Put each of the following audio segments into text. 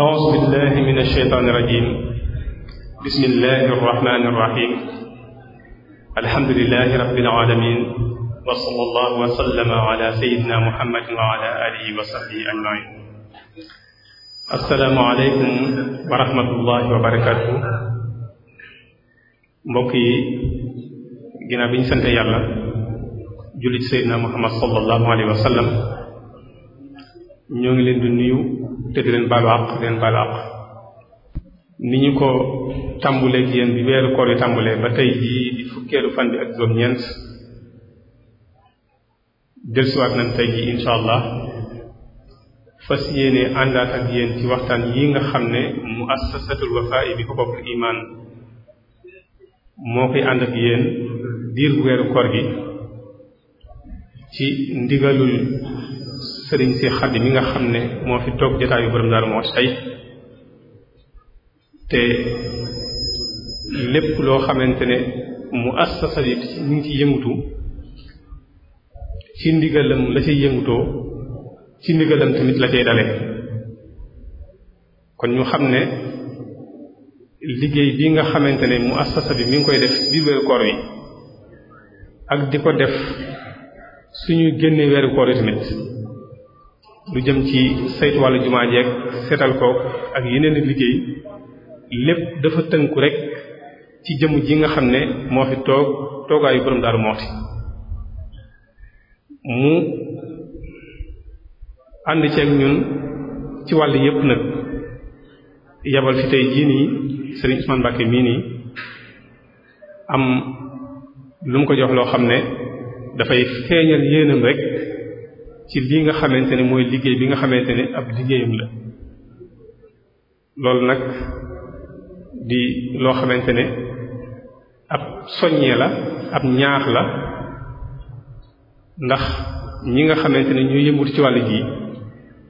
أعوذ بالله من الشيطان الرجيم بسم الله الرحمن الرحيم الحمد لله رب العالمين وصلى الله وسلم على سيدنا محمد وعلى آله وصحبه أجمعين السلام عليكم ورحمة الله وبركاته mbokk yi ginnaaw bi ñu sant yàlla jullit Seydina Muhammad sallallahu alayhi wa sallam ñoo ngi leen di nuyu te leen baalu àq leen baalu àq ni ñu ko tàmbulee ci yéen bi weeru koor yi tàmbulee ba tey jii di fukkeelu fan bi ak juróom-ñeent dellusiwaat nañ tey jii incha allah fas yéene àndaat ak yéen ci waxtaan yi nga xam ne mu assasatul wafa'i bi xuququl iman moo koy ànd ak yéen diir weeru koor gi ci ndigalul sëriñ si xaddi mi nga xam ne moo fi toog jotaayu borom Daaru moo tey te lépp loo xamante ne mu assasa yi ñu ngi ci yëngutu ci ndigalam la cay yëngutoo ci ndigalam tamit la cay dale kon ñu xam ne liggéey bi nga xamante ne mu assasa bi mi ngi koy def biir weeru koor wi ak di ko def suñuy génne weeru koor yi tamit lu jëm ci saytu wàllu jumaa seetal ko ak yeneen liggéey lépp dafa tënku rekk ci jëm ji nga xam ne moo fi toog toogaayu borom Daaru Muxti mu ànd ceeg ñun ci wàll yépp nag yabal fi tey jii nii Serigne Ousmane Mbacké mii nii am lu mu ko jox loo xam ne dafay feeñal yéenam rek ci lii nga xamante ne mooy liggéey bi nga xamante ne ab liggéeyam la loolu nag di loo xamante ne ab soññee la ab ñaax la ndax ñi nga xamante ne ñoo yëngut ci wàll ji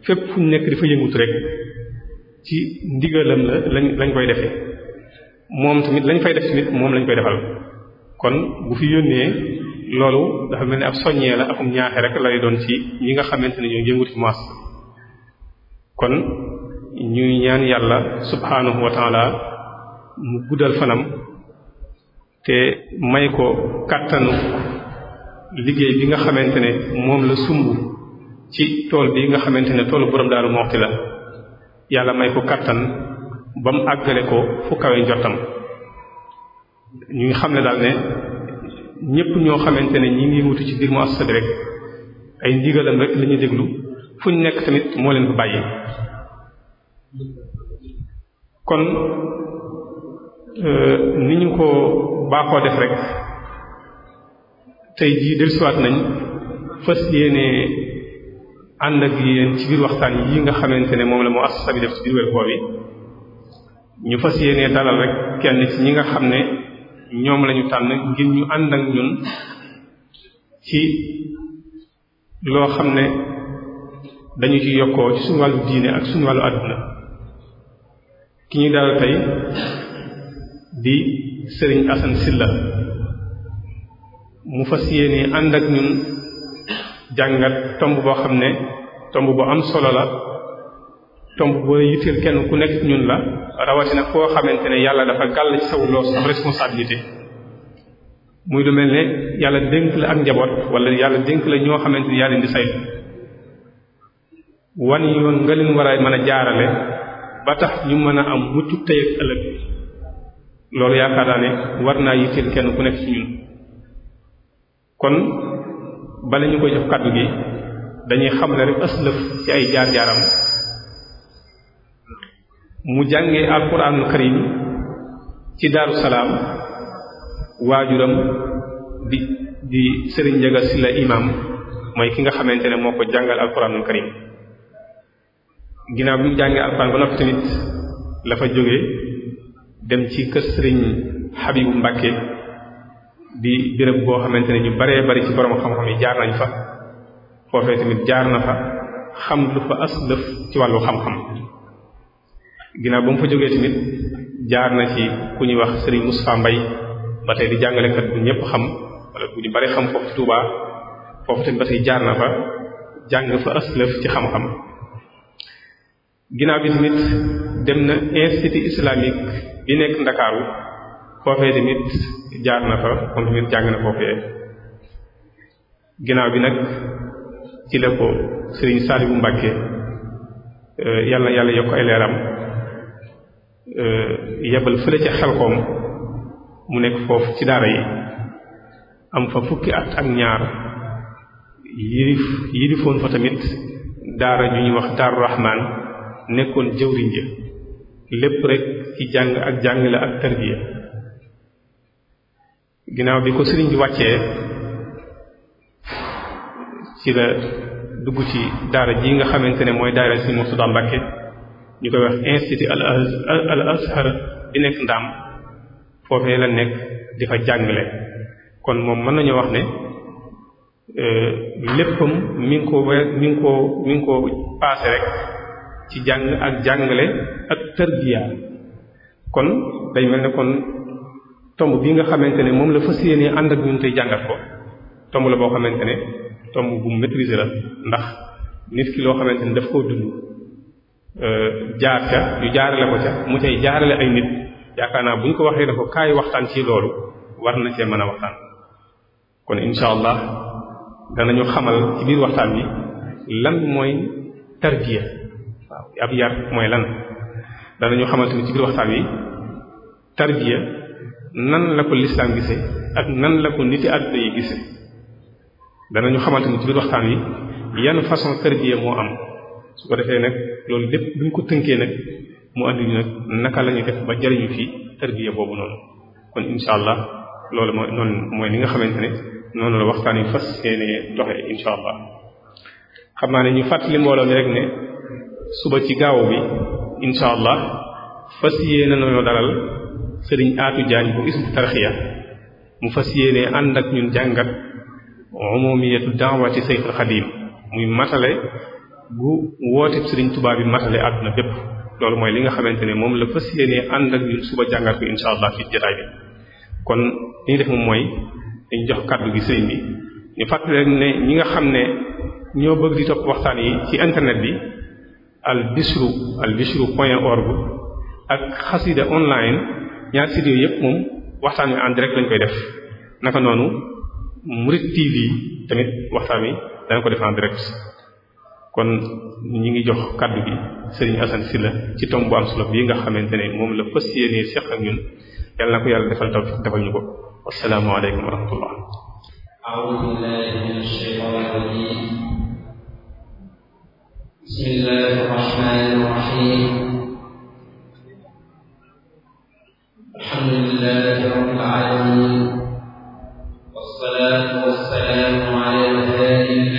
fépp fu ñu nekk dafa yëngut rek ci ndigalam la lañ lañ koy defee moom tamit lañ fay def tamit moom lañ koy defal kon bu fi yónnee loolu dafa mel ni ab soññee la akum ñaaxe rek lay doon ci ñi nga xamante ne ñoo yëngu maas kon ñuy ñaan yàlla subhaanahu wa taala mu guddal fanam te may ko kàttanu liggéey bi nga xamante ne moom la sumb ci tool bi nga xamante ne toolu borom Daaru Muxti la yàlla may ko kàttan ba mu àggale ko fu kawe njottam ñu xam ne daal ne ñépp ñoo xamante ne ñi ngi wutu ci biir mu assad rek ay ndigalam rek la déglu fu ñu nekk tamit moo leen ko bàyyi kon euh, ni ñu ko baaxoo def rek tey jii dellusiwaat nañ fas yéene ànd ak yéen ci biir waxtaan yi nga xamante ne moom la mu assad bi def ci biir weer boobu ñu fas yéene dalal rek kenn ci ñi nga xam ne ñoom lañu tànn ngir ñu ànd ak ñun ci loo xam ne dañu ci yokkoo ci suñu wàllu diine ak suñu wàllu àdduna ki ñu daal tey di Serigne Assane Sylla mu fas yéene ànd ak ñun jàngat tomb boo xam ne tomb bu am solo la tomb boo yitteel kenn ku nekk ñun la rawatina koo xamante ne yàlla dafa gàll ci saw loos am responsabilité muy lu mel ne yàlla dénk la ak njaboot walla yàlla dénk la ñoo xamante ne yàlla di saytu wan yoon nga leen war a mën a jaarale ba tax ñu mën a am mucc tey ak ëllëg loolu yaakaar naa war naa yitteel kenn ku nekk ci ñun kon bala ñu koy jox kàddu gi dañuy xamle rek aslëf ci ay jaar-jaaram mu jàngee alquranul karim ci daaru waajuram di di sëriñ njaga si la imam mooy ki nga xamante ne moo ko jàngal alquranul karim ginnaaw bi mu jàngee alquran ba noppi tamit la fa jógee dem ci kër sëriñ xabibu mbàkke di béréb boo xamante ne ñu baree bari ci borom xam-xam yi jaar nañ fa foofee tamit jaar na fa xam lu fa aslëf ci wàllu xam-xam ginaaw ba mu fa jógee tamit jaar na ci ku ñuy wax Serigne Moustapha Mbaye ba tey di jàngalekat bu ñëpp xam wala bu ñu bari xam foofu ci foofu tamit jaar na fa jàng fa aslëf ci xam-xam ginnaaw bi tamit dem na institut islamique bi nekk Ndakaaru foofee tamit jaar na fa moom tamit jàng na foofee ginnaaw bi nag ci la ko Serigne Saliou Mbacké euh, yàlla yàlla yokk ay leeram Euh, yebal fële ca xelkoom mu nekk foofu ci daara yi am fa fukki at ak ñaar yirif yirifoon fa tamit daara ju wax daaru rahmaan nekkoon jëwriñ ja lépp rek ci jàng ak jàngale ak tarbiya ginnaaw bi ko sëriñ bi wàccee ci la dugg ci daara ji nga xamante ne mooy daara si Murtada Mbàkke ñu koy wax institut al azhar bi nekk ndaam foofee la nekk di fa jàngale kon moom mën nañu wax ne euh, léppam mi ngi ko mi ngi paase rek ci jàng ak jàngale ak tarbiya kon day mel ne kon tomb bi nga xamante ne moom la fas yéenee ànd ak ñun tey jàngat ko tomb la boo xamante ne tomb bu maîtriser la ndax nit ki loo xamante ne daf koo dund Euh, jaar ca ñu jaarale ko ca mu cay jaarale ay nit yaakaar naa bu ñu ko waxee ne ko kaay waxtaan ci loolu war na cee mën a waxtaan kon incha allah danañu xamal ci biir waxtaan bi lan mooy tarbiya waaw ab yar mooy lan danañu xamal tamit ci biir waxtaan wi tarbiya nan la ko lislaam gise ak nan la ko niti àdduna yi gise danañu xamal tamit ci biir waxtaan bi yan façon tarbiya moo am su ko defee nag loolu lépp bu ñu ko tënkee nag mu andi naka la ñuy def ba jariñu fi tarbiya boobu noonu kon incha allah loolu mooy noonu mooy li nga xamante ne noonu la waxtaan yu fas yéene doxe incha allah xam naa ne ñu fàttali mbooloo mi rek ne suba ci gaaw bi incha allah fas yéene nañoo dalal sëriñ aatu jaañ bu isbu tarxiya mu fas yéene ànd ak ñun jàngat umumiyatu daawati saytul xadim muy matale gu wooteeb sëriñ Tuubaa bi matale àdduna bépp loolu mooy li nga xamante ne moom la fas yéenee ànd ak ñun suba jàngat ko insha allah fi jotaay bi kon li ñu def moom mooy dañu jox kàddu gi sëriñ bi ñu fàttali rek ne ñi nga xam ne ñoo bëgg di topp waxtaan yi ci internet bi al bisru al bisru point org ak xasida online ñaar site yooyu yëpp moom waxtaan wi en direct lañ koy def naka noonu Murid TV tamit waxtaan wi dana ko def en direct kon ñi ngi jox kaddu bi sëriñ Assane Sylla ci tomb bu am solo bii nga xamante ne moom la fas yéenee seq ak ñun yàlla na ko yàlla defal tawfiq defal ñu ko asalaamaaleykum wa rahmatullah a'udhu billahi minash shaytanir rajim alamin was salatu was salamu ala al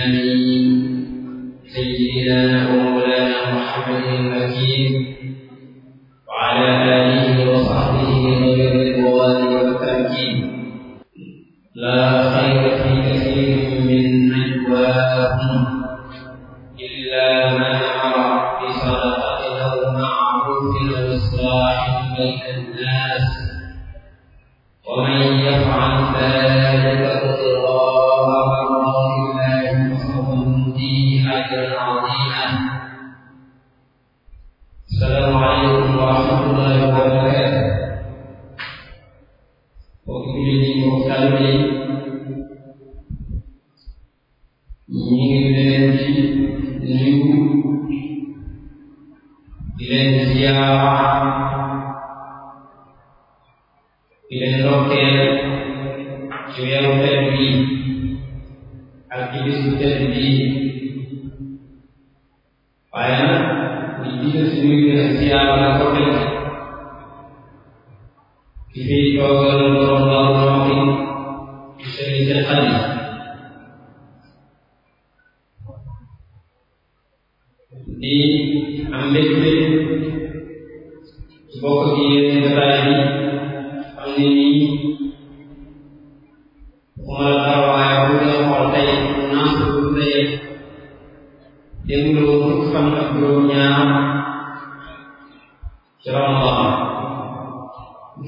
Subhanallah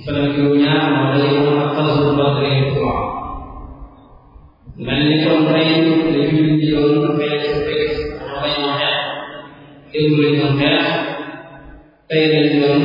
fan juróom-ña moo lay mën a xalaatu ba tey trois mel ni kon tey li ñu ñu doon fay ci fekk moo lay mën a xeex déglu lañ doon xeex tey lañ doon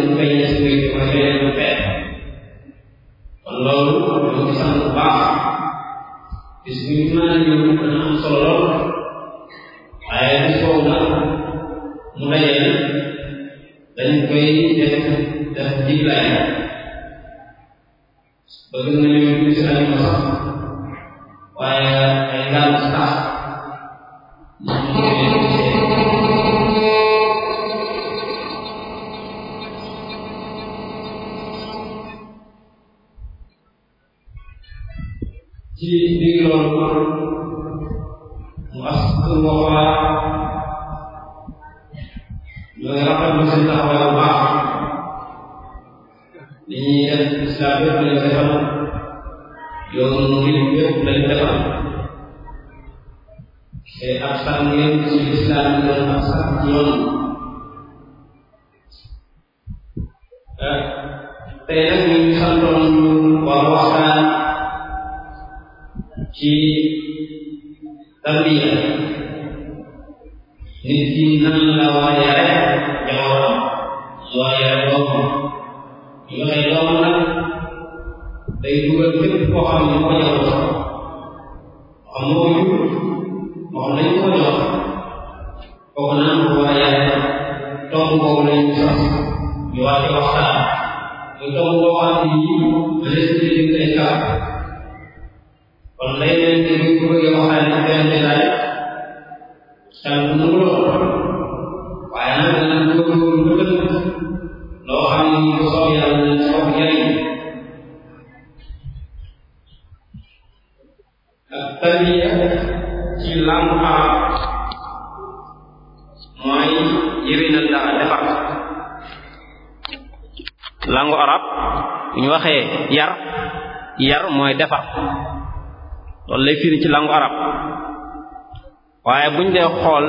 firi ci langu arab waaye buñ dee xool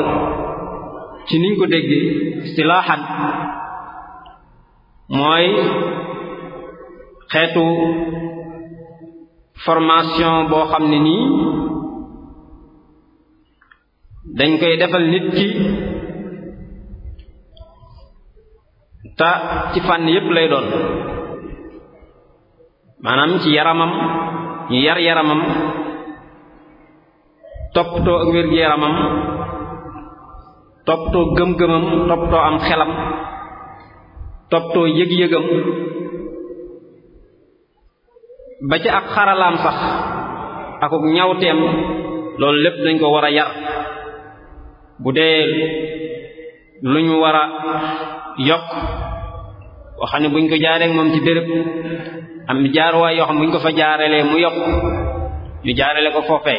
ci niñ ko dégg istilaaxan mooy xeetu formation boo xam ne nii dañ koy defal nit ki te ci fànn yépp lay doon maanaam ci yaramam ñu yar yaramam toppatoo ak wér-gu-yaramam gëm-gëmam toppatoo am xelam toppatoo yëg-yëgam ba ci ak xaralaam sax ñaw ñawteem loolu lépp dañ ko war a yar bu dee lu ñu war a yokk boo xam ne buñ ko jaaree moom ci béréb am jaaruwaay yoo xam buñ ko fa jaaralee mu yokk ñu jaarele ko foofe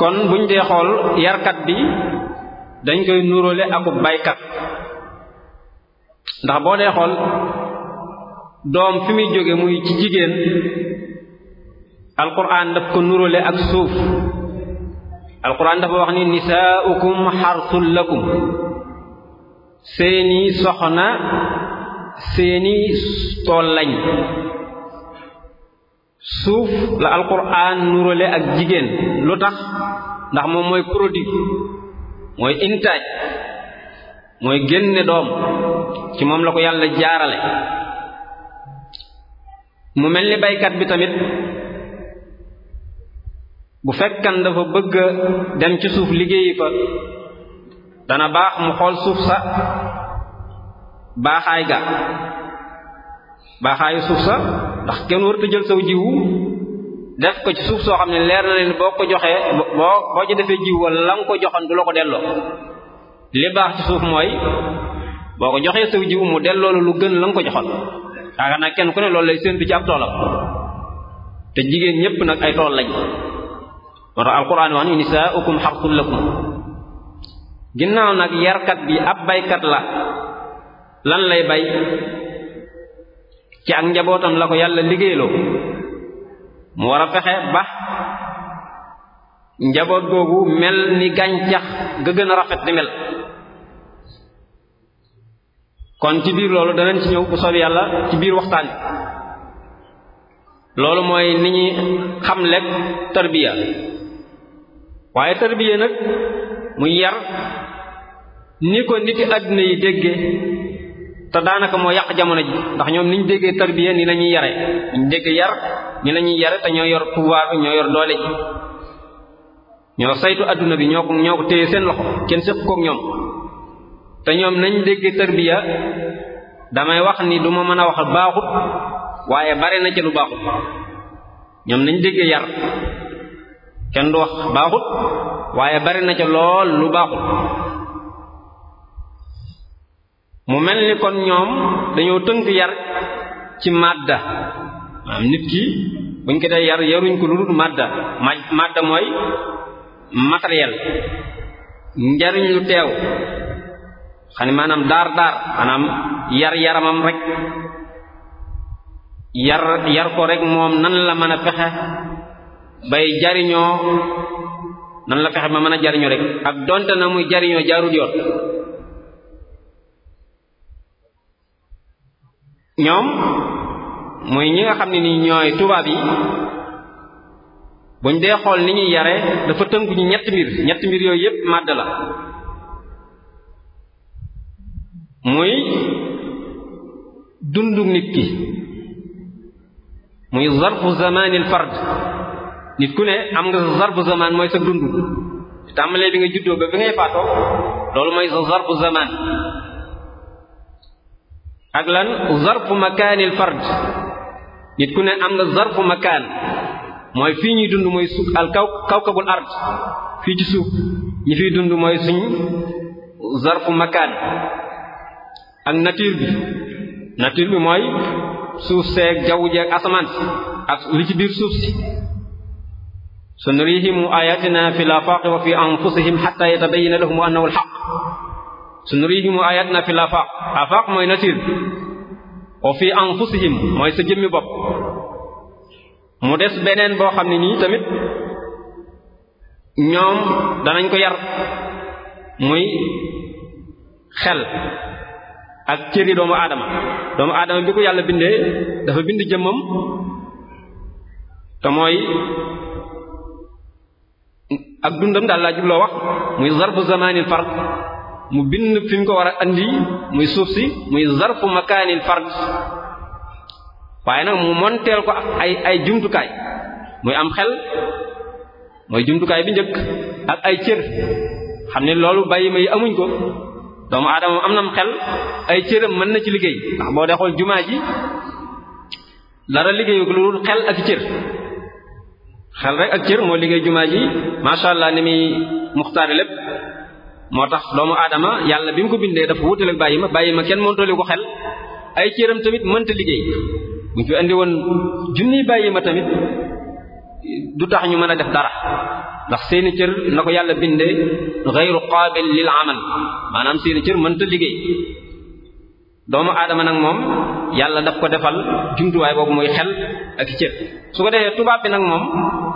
kon buñ dee xool yarkat bi dañ koy nuroole akub baykat ndax boo dee xool doom fi muy jóge muy ci jigéen alquran daf ko nuroole ak suuf alquran dafa wax ni nisaaukum xarsul lakum seeni soxna seeni tool lañ suuf la alquran nurale ak jigéen lu tax ndax moom mooy produit mooy intaaj mooy génne doom ci moom la ko yàlla jaarale mu mel ni baykat bi tamit bu fekkan dafa bëgg dem ci suuf liggéeyi fa dana baax mu xool suuf sa baaxaay ga baaxaayu suuf sa ndax kenn warut jël saw jiw def ko ci suuf soo xam ne leer na leen boo ko joxee boo boo ci defee jiw wala la nga ko joxoon du la ko delloo li baax ci suuf mooy boo ko joxee saw jiw mu delloo la lu gën la ko joxoon yaakaar naa kenn ku ne loolu lay séentu ci ab toolam te jigéen ñépp nag ay tool lañ moo tax alquran wax ni nisaa'ukum harthul lakum ginnaaw nag yarkat bi ab baykat la lan lay bay ci ak njabootam la ko yàlla liggéeyloo mu war a fexe ba njaboot googu mel ni gàncax ga gën a rafet di mel kon ci biir loolu danañ ci ñëw bu soobee yàlla ci biir waxtaan loolu mooy ni ñuy xam lekk tarbiya waaye tarbiya nag muy yar ni ko niti àdduna yi dégge te daanaka moo yàq jamono ji ndax ñoom niñ déggee tarbiya ni la ñuy yare niñ dégg yar ni lañuy ñuy yare te ñoo yor pouvoir bi ñoo yor doole ji ñoo saytu adduna bi ñoo ko ñoo ko téye seen loxo kenn sëq koog ñoom te ñoom nañ déggee tarbiya damay wax ni du ma mën a wax baaxut waaye bare na ci lu baaxut ñoom nañ déggee yar kenn du wax baaxut waaye bare na ca lool lu baaxut mu mel ni kon ñoom dañoo tënk yar ci madda maanaam nit ki buñ ko dee yar yaruñ ko lu dul madda ma madda mooy matériel njariñ lu teew xam ne maanaam daar daar maanaam yar yaramam rekk yar yar ko rek moom nan la mën a fexe bay jariñoo nan la fexe ba mën a jariñu rek ak donte na muy jariñoo jaarul yoon ñoom muy ñi nga xam ne ni ñooy tubaab yi buñ dee xool ni ñuy yare dafa tënku ñu ñetti mbir ñett mbir yooyu yépp màdd la muy dundu nit ki muy zarfu zamanil fard nit ku ne am nga sa zarfu zaman mooy sa dund tàmbalee bi nga juddoo ba bi ngay faatoo loolu mooy sa zarfu zaman ak lan zarfu makaanil fard nit ku ne am nga zarfu makaan mooy fii ñuy dund mooy suuf al kaw kawkabul ard fii ci suuf ñi fiy dund mooy suñ zarfu makaan ak nature bi nature bi mooy suuf seeg jaww ji ak asamaan ak li ci biir suuf si sunurihimu ayatina fi l afaqi wa fi anfusihim xata yatabayina lahum annahu alxaq sunurihim ayatna fil afaq afaq mooy natir wa fi anfusihim mooy sa jëmmi bopp mu des beneen boo xam ne nii tamit ñoom danañ ko yar muy xel ak cëri doomu aadama doomu aadama bi ko yàlla bindee dafa bind jëmmam te mooy ak dundam daal laa jubloo wax muy zarbu zamanil fard mu bind fi mu ko war a andi muy suuf si muy zarfu makaanil fard waaye nag mu monteel ko ay ay jumtukaay muy am xel mooy jumtukaay bi njëkk ak ay cër xam ne loolu bàyyi may amuñ ko doomu aadama am nam xel ay cëram mën na ci liggéey ndax boo dee jumaa ji dara liggéeyu ko lu xel ak cër xel rek ak cër moo liggéey jumaa ji macha allah ni muy muxtaare lépp moo tax doomu aadama yàlla bi mu ko bindee dafa wutale bàyyi ma bàyyi ma kenn montali ko xel ay cëram tamit mënta liggéey buñ fi andi woon junniy bàyyi ma tamit du tax ñu mën a def dara ndax seeni cër na ko yàlla bindee gayru qaabil lil amal maanaam seeni cër mënta liggéey doomu aadama nag moom yàlla daf ko defal jumtuwaay boobu mooy xel ak cër su ko defee tubaab bi nag moom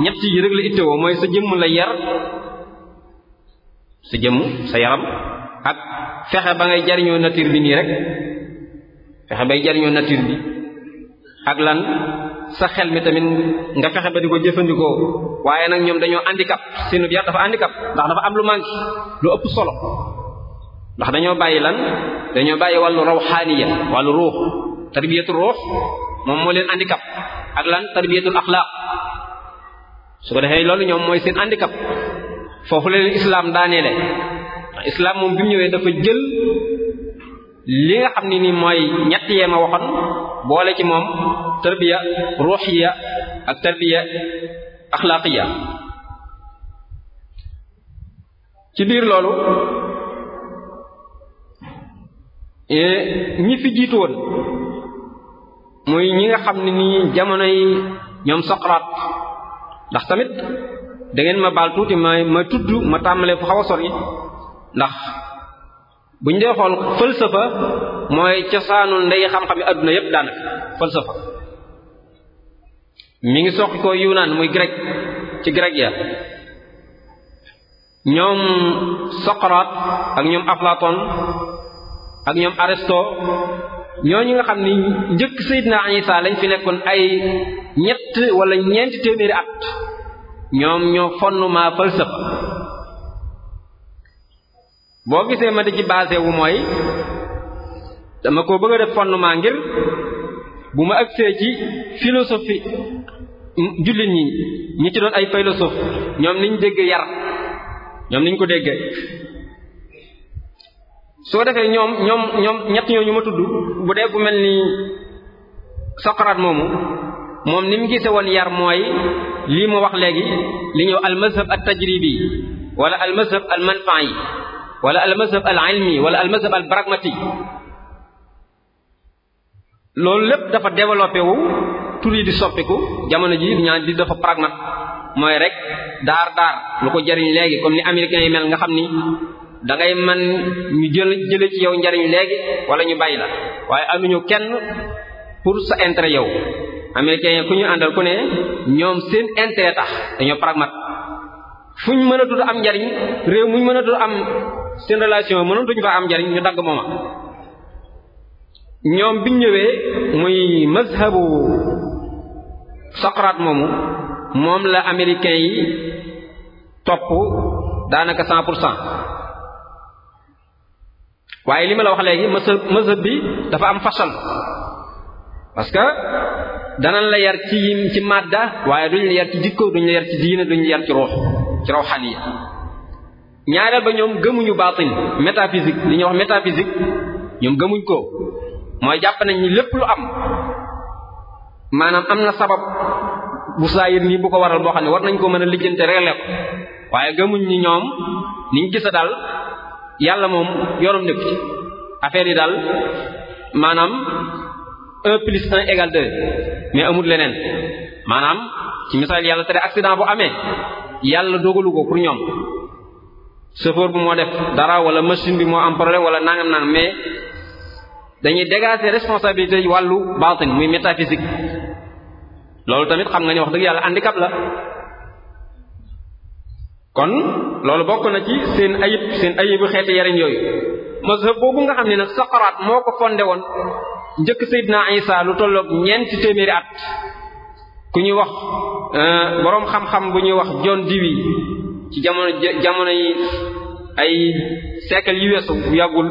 ñett yi rek la ittewoo mooy sa jëmm la yar sa jëmm sa yaram ak fexe ba ngay jariñoo nature bi nii rek fexe bay jariñoo nature bi ak lan sa xel mi tamit nga fexe ba di ko jëfandikoo waaye nag ñoom dañoo handicap seenu yar dafa handicap ndax dafa am lu manque lu ëpp solo ndax dañoo bàyyi lan dañoo bàyyi wàllu rawxaaniya wàllu ruux tarbiyatul ruux moom moo leen handicap ak lan tarbiyatul axlaaq su ko defee loolu ñoom mooy seen handicap foofu la leen islaam daaneele islaam moom bi mu ñëwee dafa jël li nga xam ne nii mooy ñett yee ma waxoon boole ci moom tarbiya ruuxiya ak tarbiya axlaaqiya ci biir loolu e, ñi fi jiitu woon muy ñi nga xam ne nii jamonoy ñoom Socrate ndax tamit dangeen ma baal tuuti ma ma tudd ma tàmbalee fu xaw a sori ndax buñ dee xool falsafa mooy cosaanul ndey xam-xam yi adduna yépp daanaka falsafa mi ngi soq ko Yunaan muy grec ci grec ya ñoom Socrate ak ñoom Aflaton ak ñoom Aristo ñooñu nga xam ni njëkk Seydina Isa lañ fi nekkoon ay ñett walla ñeenti téeméeri at ñoom ñoo fondement falsafa boo gisee ma di ci basé wu mooy dama ko bëgg a def fondement ngir bu ma agsee ci philosophie jullit ñi ñi ci doon ay philosophe ñoom niñ dégg yar ñoom niñ ko déggee soo defee ñoom ñoom ñoom ñett ñooñu ma tudd bu dee bu mel ni Socrate moomu moom ni mu gisee yar mooy lii ma wax léegi li ñëw al mazhab al tajribi wala al mazhab al manfa'i wala al mazhab al ilmi wala al mazhab al pragmatique loolu lépp dafa développé wu tur di soppiku jamono ji ñaan di dafa pragmate mooy rek daar daar lu ko jariñ léegi comme ni américains yi mel nga xam ni dangay man ñu jël jële ci yow njariñ léegi wala ñu bàyyi la waaye am amuñu kenn pour sa intérêt yow américains yi ku ñu àndal ku ne ñoom seen intérêt tax dañoo pragmat fuñ mën a am njariñ réew mu mën a tudd am seen relation mënatuñ fa am njariñ ñu dagg mooma ñoom biñ ñëwee muy mazhabu Socrate moomu moom la américains yi topp daanaka cent pour cent waaye li ma la wax léegi mazhab mazhab bi dafa am fasal parce que danañ la yar ci ci madda waaye duñ la yar ci jikko duñ la yar ci diine duñ la yar ci ruux ci rawxaniya ñaareel ba ñoom gëmuñu baatin métaphysique li ñuy wax métaphysique ñoom gëmuñ ko mooy jàpp nañu lépp lu am maanaam am na sabab bu saayir nii bu ko waral boo xam ne war nañ ko mën a lijjante reele ko waaye gëmuñ ni ñoom niñ gisa daal yàlla moom yorom nekk ci yi daal maanaam un plus un égal deux mais amul leneen maanaam ci misaal yàlla tere accident bu amee yàlla dogalu ko pour ñoom chauffeur bu moo def dara wala machine bi moo am problème wala nangam naan mais dañuy dégager responsabilité yi wàllu baatin muy métaphysique loolu tamit xam nga ni wax dëgg yàlla handicap la kon loolu bokk na ci seen ayib seen ayibu xeeti yariñ yooyu mazhab boobu nga xam ni nag Saqaraat moo ko fondé woon njëkk Seydina Isa lu tolloog ñeenti téeméeri at ku ñuy wax euh, boroom xam-xam bu ñuy wax John Dewey ci jamono jamono yi ay siècle yu weesu yàggul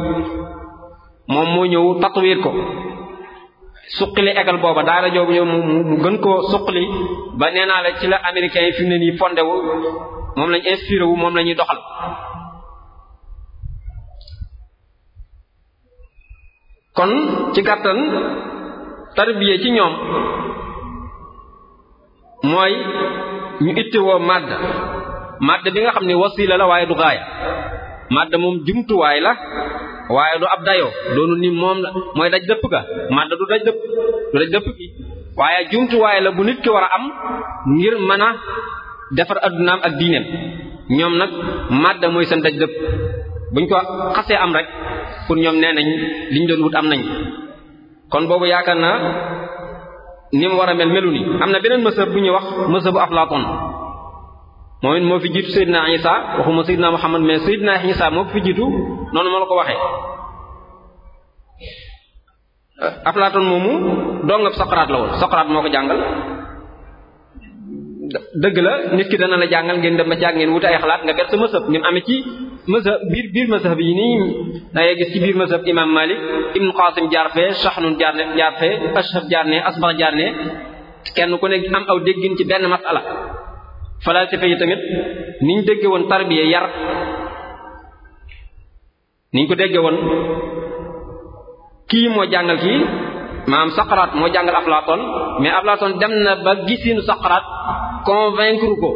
moom moo ñëw tatwiir ko suqali école booba daara joobu ñëw mu gën koo suqali ba nee naa la ci la américains yi ne nii fondé moom lañ inspiré wu moom lañuy ñuy doxal kon ci gàttan tarbiye ci ñoom mooy ñu ittiwoo màdd màdd bi nga xam ne wasila la waaye du gaaya màdd moom jumtuwaay la waaye du ab dayoo doonu ni moom la mooy daj dëpp ga màdd du daj dëpp du daj dëpp gi waaye jumtuwaay la bu nit ki war a am ngir mën a defar addunaam ak diineem ñoom nag màdd mooy seen daj dëpp buñ ko xasee am rek pour ñoom nee nañ liñ doon wut am nañ kon boobu yaakaar na ni mu war a mel melu ni am na beneen mësëb bu ñuy wax mësëbu Aflaatoon moom it moo fi jiitu Seydina Isa waxuma Seydina Muhammad mais Seydina Isa moo fi jiitu noonu ma la ko waxee Aflaatoon moomu dongab Sokraat la woon Sokraat moo ko jàngal dëgg la nit ki dana la jàngal ngeen dem ba jàng ngeen wuti ay xalaat nga ber sa mësëb ngeen amee ci mazhab biir biir mazhab yi nii da ngay gis ci biir mazhab imam malik ibnu qasim jaar fee shahnun jaar jaar fee ashhab jaar ne asbax jaar ne kenn ku ne am aw déggin ci benn masala falaasifa yi tamit niñ dégge woon tarbiya yar niñ ko dégge kii moo jàngal kii maanaam Saqaraat moo jàngal Aflaatoon mais Aflaatoon dem na ba gisinu Saqaraat convaincre ko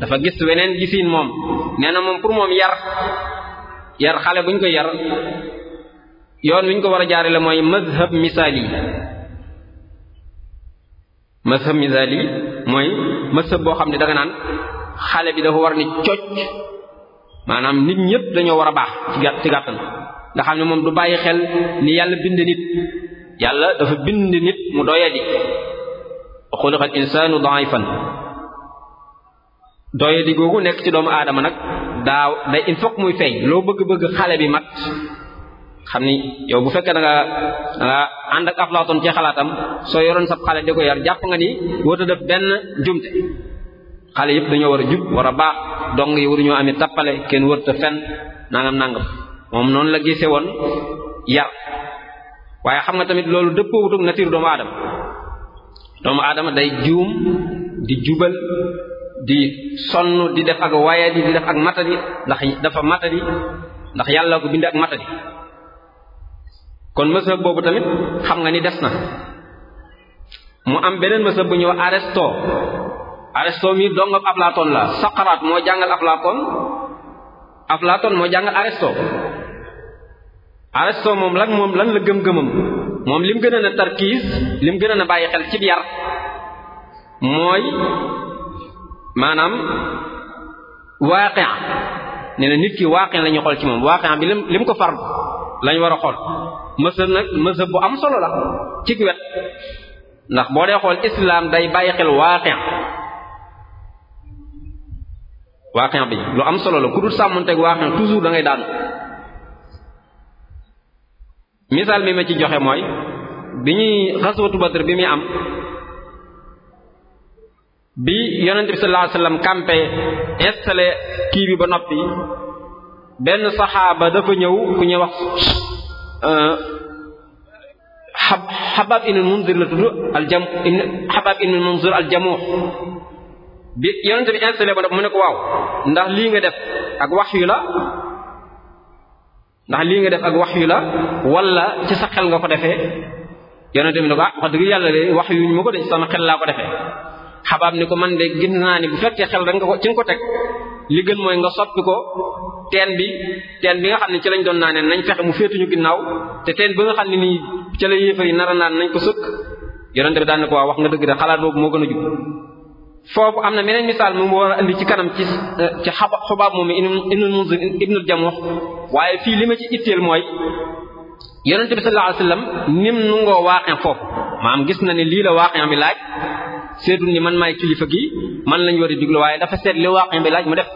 dafa gis weneen gisin moom nee na moom pour moom yar yar xale buñ ko yar yoon wiñ ko war a jaare la mooy mazhab misaali mazhab misaali mooy mazhab boo xam ne danga naan xale bi dafa war ni cocc maanaam nit ñëpp dañoo war a baax ci gàtt ci gàttal nga xam ne moom du bàyyi xel ni yàlla bind nit yàlla dafa bind nit mu doyadi xuliqa al insaanu daifan doye di googu nekk ci doomu aadama nag daaw day il faut muy feeñ loo bëgg-bëgg xale bi mat xam ni yow bu fekkee da nga da nga ànd ak Aflaatoon ci xalaatam soo yoroon sab xale di ko jàpp nga ni wóota def benn jumte yëpp dañoo war a jub war a baax dong yi waruñoo amee tappale kenn wërta fen nangam nangam moom noonu la gisee woon yar waaye xam nga tamit loolu dëppoowutug nature doomu aadama doomu aadama day juum di jubal di sonn di def ak wayadi di def ak matadi ndax dafa matadi ndax yàlla ko bind ak matadi kon mësëb boobu tamit xam nga ni des na mu am beneen mësëb bu ñëw Aristo Aristo mi dongab Aflaatoon la Saqaraat moo jàngal Aflaatoon Aflaatoon moo jàngal aresto Aristo moom lan moom lan la gëm-gëmam moom lim gën a na tarkiis lim gën na bàyyi xel ci yar mooy maanaam waaqia nee na nit ki waaqia la ñuy xool ci moom waaqia bi lim lim ko far lañu war a xool mësëb nag mësëb bu am solo la ci wet ndax boo dee xool islam day bàyyi xel waaqia waaqia bi lu am solo la ku dul sàmmonteeg waaqia toujours da ngay daan misaal mi ma ci joxe mooy bi ñuy xaswatu Badr bi muy am bi yonente bi sallallahu alayhi wasallam kii bi ba noppi benn saxaaba dafa ñëw ku ñuy wax xab euh, xabaab ibn munzir la tudd aljam xabaab ibn munzir aljamuux bi yonente bi installé ba noppi mu ne ko waaw ndax lii nga def ak wax yu la ndax lii nga def ak wax yu la wala ci sa xel nga ko defee yonente bi ne ko ah wax dëgg yàlla de wax yu ñu ma ko de sama xel laa ko defee xabaab ni ko man de gis naa ni bu fekkee xel rek nga ko ci nga ko teg li gën mooy nga soppi ko teen bi teen bi nga xam ne ci lañ naa naanee nañ fexe mu féetuñu ginnaaw te teen bi nga xam ne nii ci la yéefar yi nar a naan nañ ko sëkk yonente bi daan ne ko waa wax nga dëgg de xalaat boobu moo gën a jub foofu am na meneen misaal mu war a indi ci kanam ci ci xaba xubaab moom ibnul munzir ibnul jamuux waaye fii li ma ci itteel mooy yonente bi sallallahu alayhi wasallam nim nu ngoo na ne lii la waaqen seetu ni man maay kilifa gi man lañu war diglu waaye dafa seet li waaqe bi laaj mu def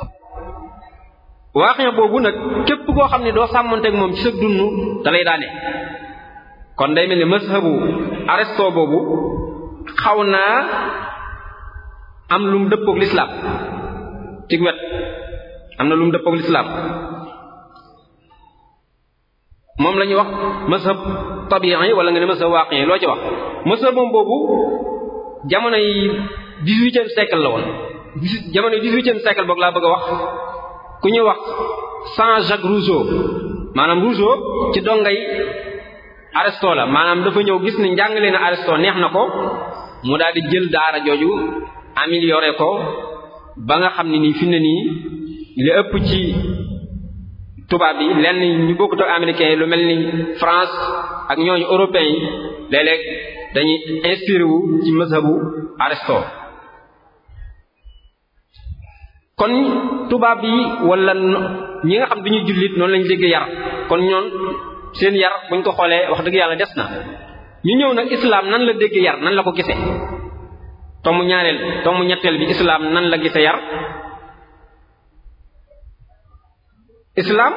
ko boobu nag képp koo xam ne doo sàmmoon sàmmanteeg moom ci sa dund dalay daane kon day mel ni mazhabu Aristo boobu xaw naa am lum mu lislaam ci wet am na lum mu lislaam moom la wax mazhab tabi'i wala nga ne mazhab waaqi loo ci wax mazhab moom boobu jamono yi dix-huitième siècle la woon jamono yi dix-huitième boog laa bëgg wax ku ñuy wax Jean-Jacques Rousseau maanaam Rousseau ci dongay Aristote la maanaam dafa ñëw gis ni njàngale na Aristote neex na ko mu daal di jël daara jooju amélioré ko ba nga xam ne nii fi mu nii li ëpp ci tubaab yi lenn ñu bokkut ak yi lu mel ni France ak ñooñu européens yi léeg dañuy inspiré wu ci mazhabu Aristote kon tubaab yi wala ñi nga xam duñu jullit noonu lañ dégg yar kon ñoon seen yar buñ ko xoolee wax dëgg yàlla des na ñu ñëw nag islaam nan la dégg yar nan la ko gise tomu ñaareel tomu ñetteel bi islam nan la gise yar islam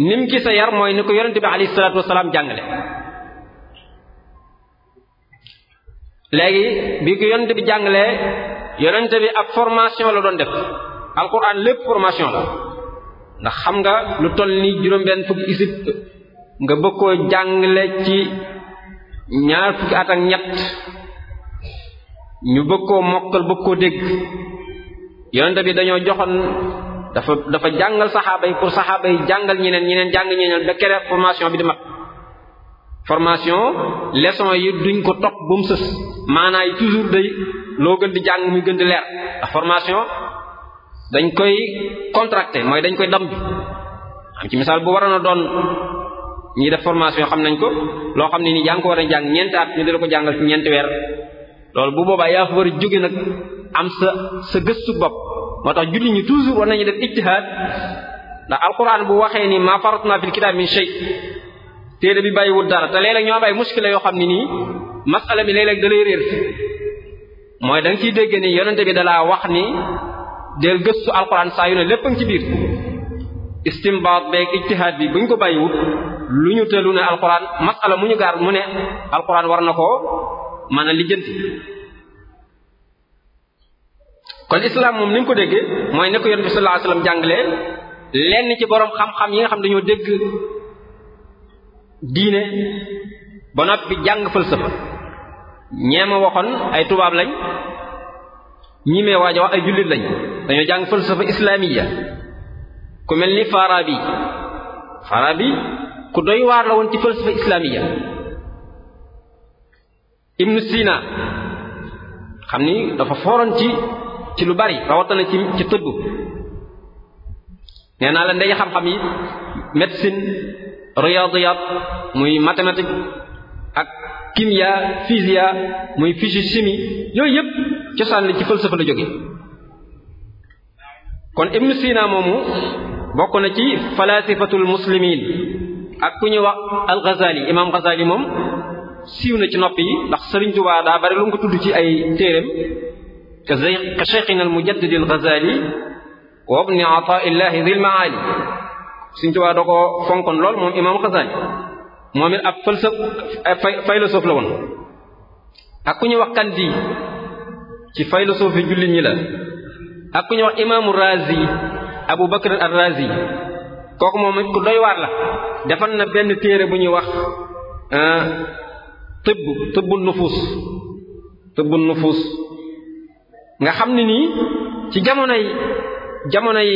nim gise yar mooy ni ko yonente bi alayhi salaatu wasalaam jàngale léegi bi ko yonent bi jàngalee yonent bi ab formation la doon def alquran lépp formation la ndax xam nga lu toll ni juróom-benn fukki isib nga bëgg koo jàngale ci ñaar fukki at ak ñett ñu bëgg koo mokkal bëgg koo dégg yonent bi dañoo joxoon dafa dafa jàngal saxaaba yi pour saxaaba yi jàngal ñeneen ñeneen jàng ñeneen ba kere formation bi di mat formation leson yi duñ ko topp ba mu sës maanaay toujours day loo gën di jàng muy gën di leer ndax formation dañ koy contracté mooy dañ koy dam bi am ci misaal bu waroon na doon ñi def formation xam nañ ko loo xam ne nii yaa ko war a jàng ñeenti at ñu dina ko jàngal ci ñeenti weer loolu bu boobaa yaa fa war a jóge nag am sa sa gëstu bopp moo tax julli ñi war nañu def ijtihaad ndax alquran bu waxee ni ma faratna fil kitab min shay téere bi bàyyiwul dara te léeg-léeg ñoo am muskila yoo xam ne nii masala bi léeg-léeg da lay mooy da ciy dégg ni yonente bi dalaa wax ni del gëstu alxuraan saa ne lépp ngi ci biir istimbaat beeg ijtihaad bi buñ ko bàyyiwut lu ñu tëlu ne alxuraan masala mu ñu gaar mu ne alxuraan war na koo mën a lijjanti kon islam moom ni nga ko déggee mooy ne ko yonente bi sallallahu alayhi wasallam jàngalee lenn ci borom xam-xam yi nga xam dañoo dégg diine ba noppi jàng falsafa ñee ma waxoon ay tubaab lañ ñi mee waaja wax ay jullit lañ dañoo jàng falsafa islaamiya ku mel ni Farabi Farabi ku doy waar la woon ci falsafa islaamiya Ibnu Sina xam ni dafa fooroon ci ci lu bari rawatina ci ci tëgg la ndey xam-xam yi médecine riyadiyat muy mathématique ak kimia physia muy physique chimie yooyu yëpp cosaan la ci falsafa la jóge kon Ibn Sina moomu bokk na ci falasifatul muslimin ak ku ñuy wax al-Ghazali imam Ghazali moom siiw na ci nopp yi ndax Sëriñ Tuubaa daa bari lu nga tudd ci ay téereem ka Cheikhina al-Mujaddid al-Ghazali wa ibn Ataa'illahi dhil Ma'aali suñ Tuubaa da fonkoon lool moom imaam Xasaali moom it ab falsaf la woon ak ku ñuy wax Kandi ci philosophe yi jullit ñi la ak ku ñuy wax imaamu Razi Abu Bakr ar kooku moom it ku doy waar la defal na benn téere bu ñuy wax euh, tëbb tëbbu nufuus tëbbu nufuus nga xam ne nii ci jamonoy jamonoy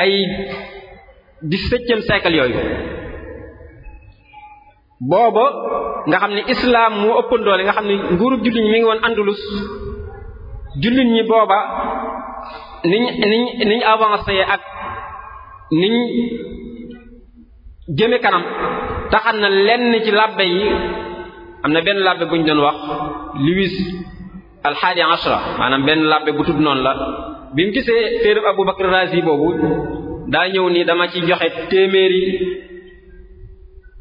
ay di septième siècle yooyu booba nga xam ne islaam moo ëppandoole nga xam ne nguurub jullit ñi mi woon andalus jullit ñi booba niñ niñ niñ avancé ak niñ jëme kanam taxan na lenn ci labbe yi am na benn labbe bu ñu doon wax Louis alxaadi ashra maanaam benn labbe bu tudd noonu la bi gisee téereb Abu Bakr Razi boobu daa ñëw nii dama ci joxe téeméeri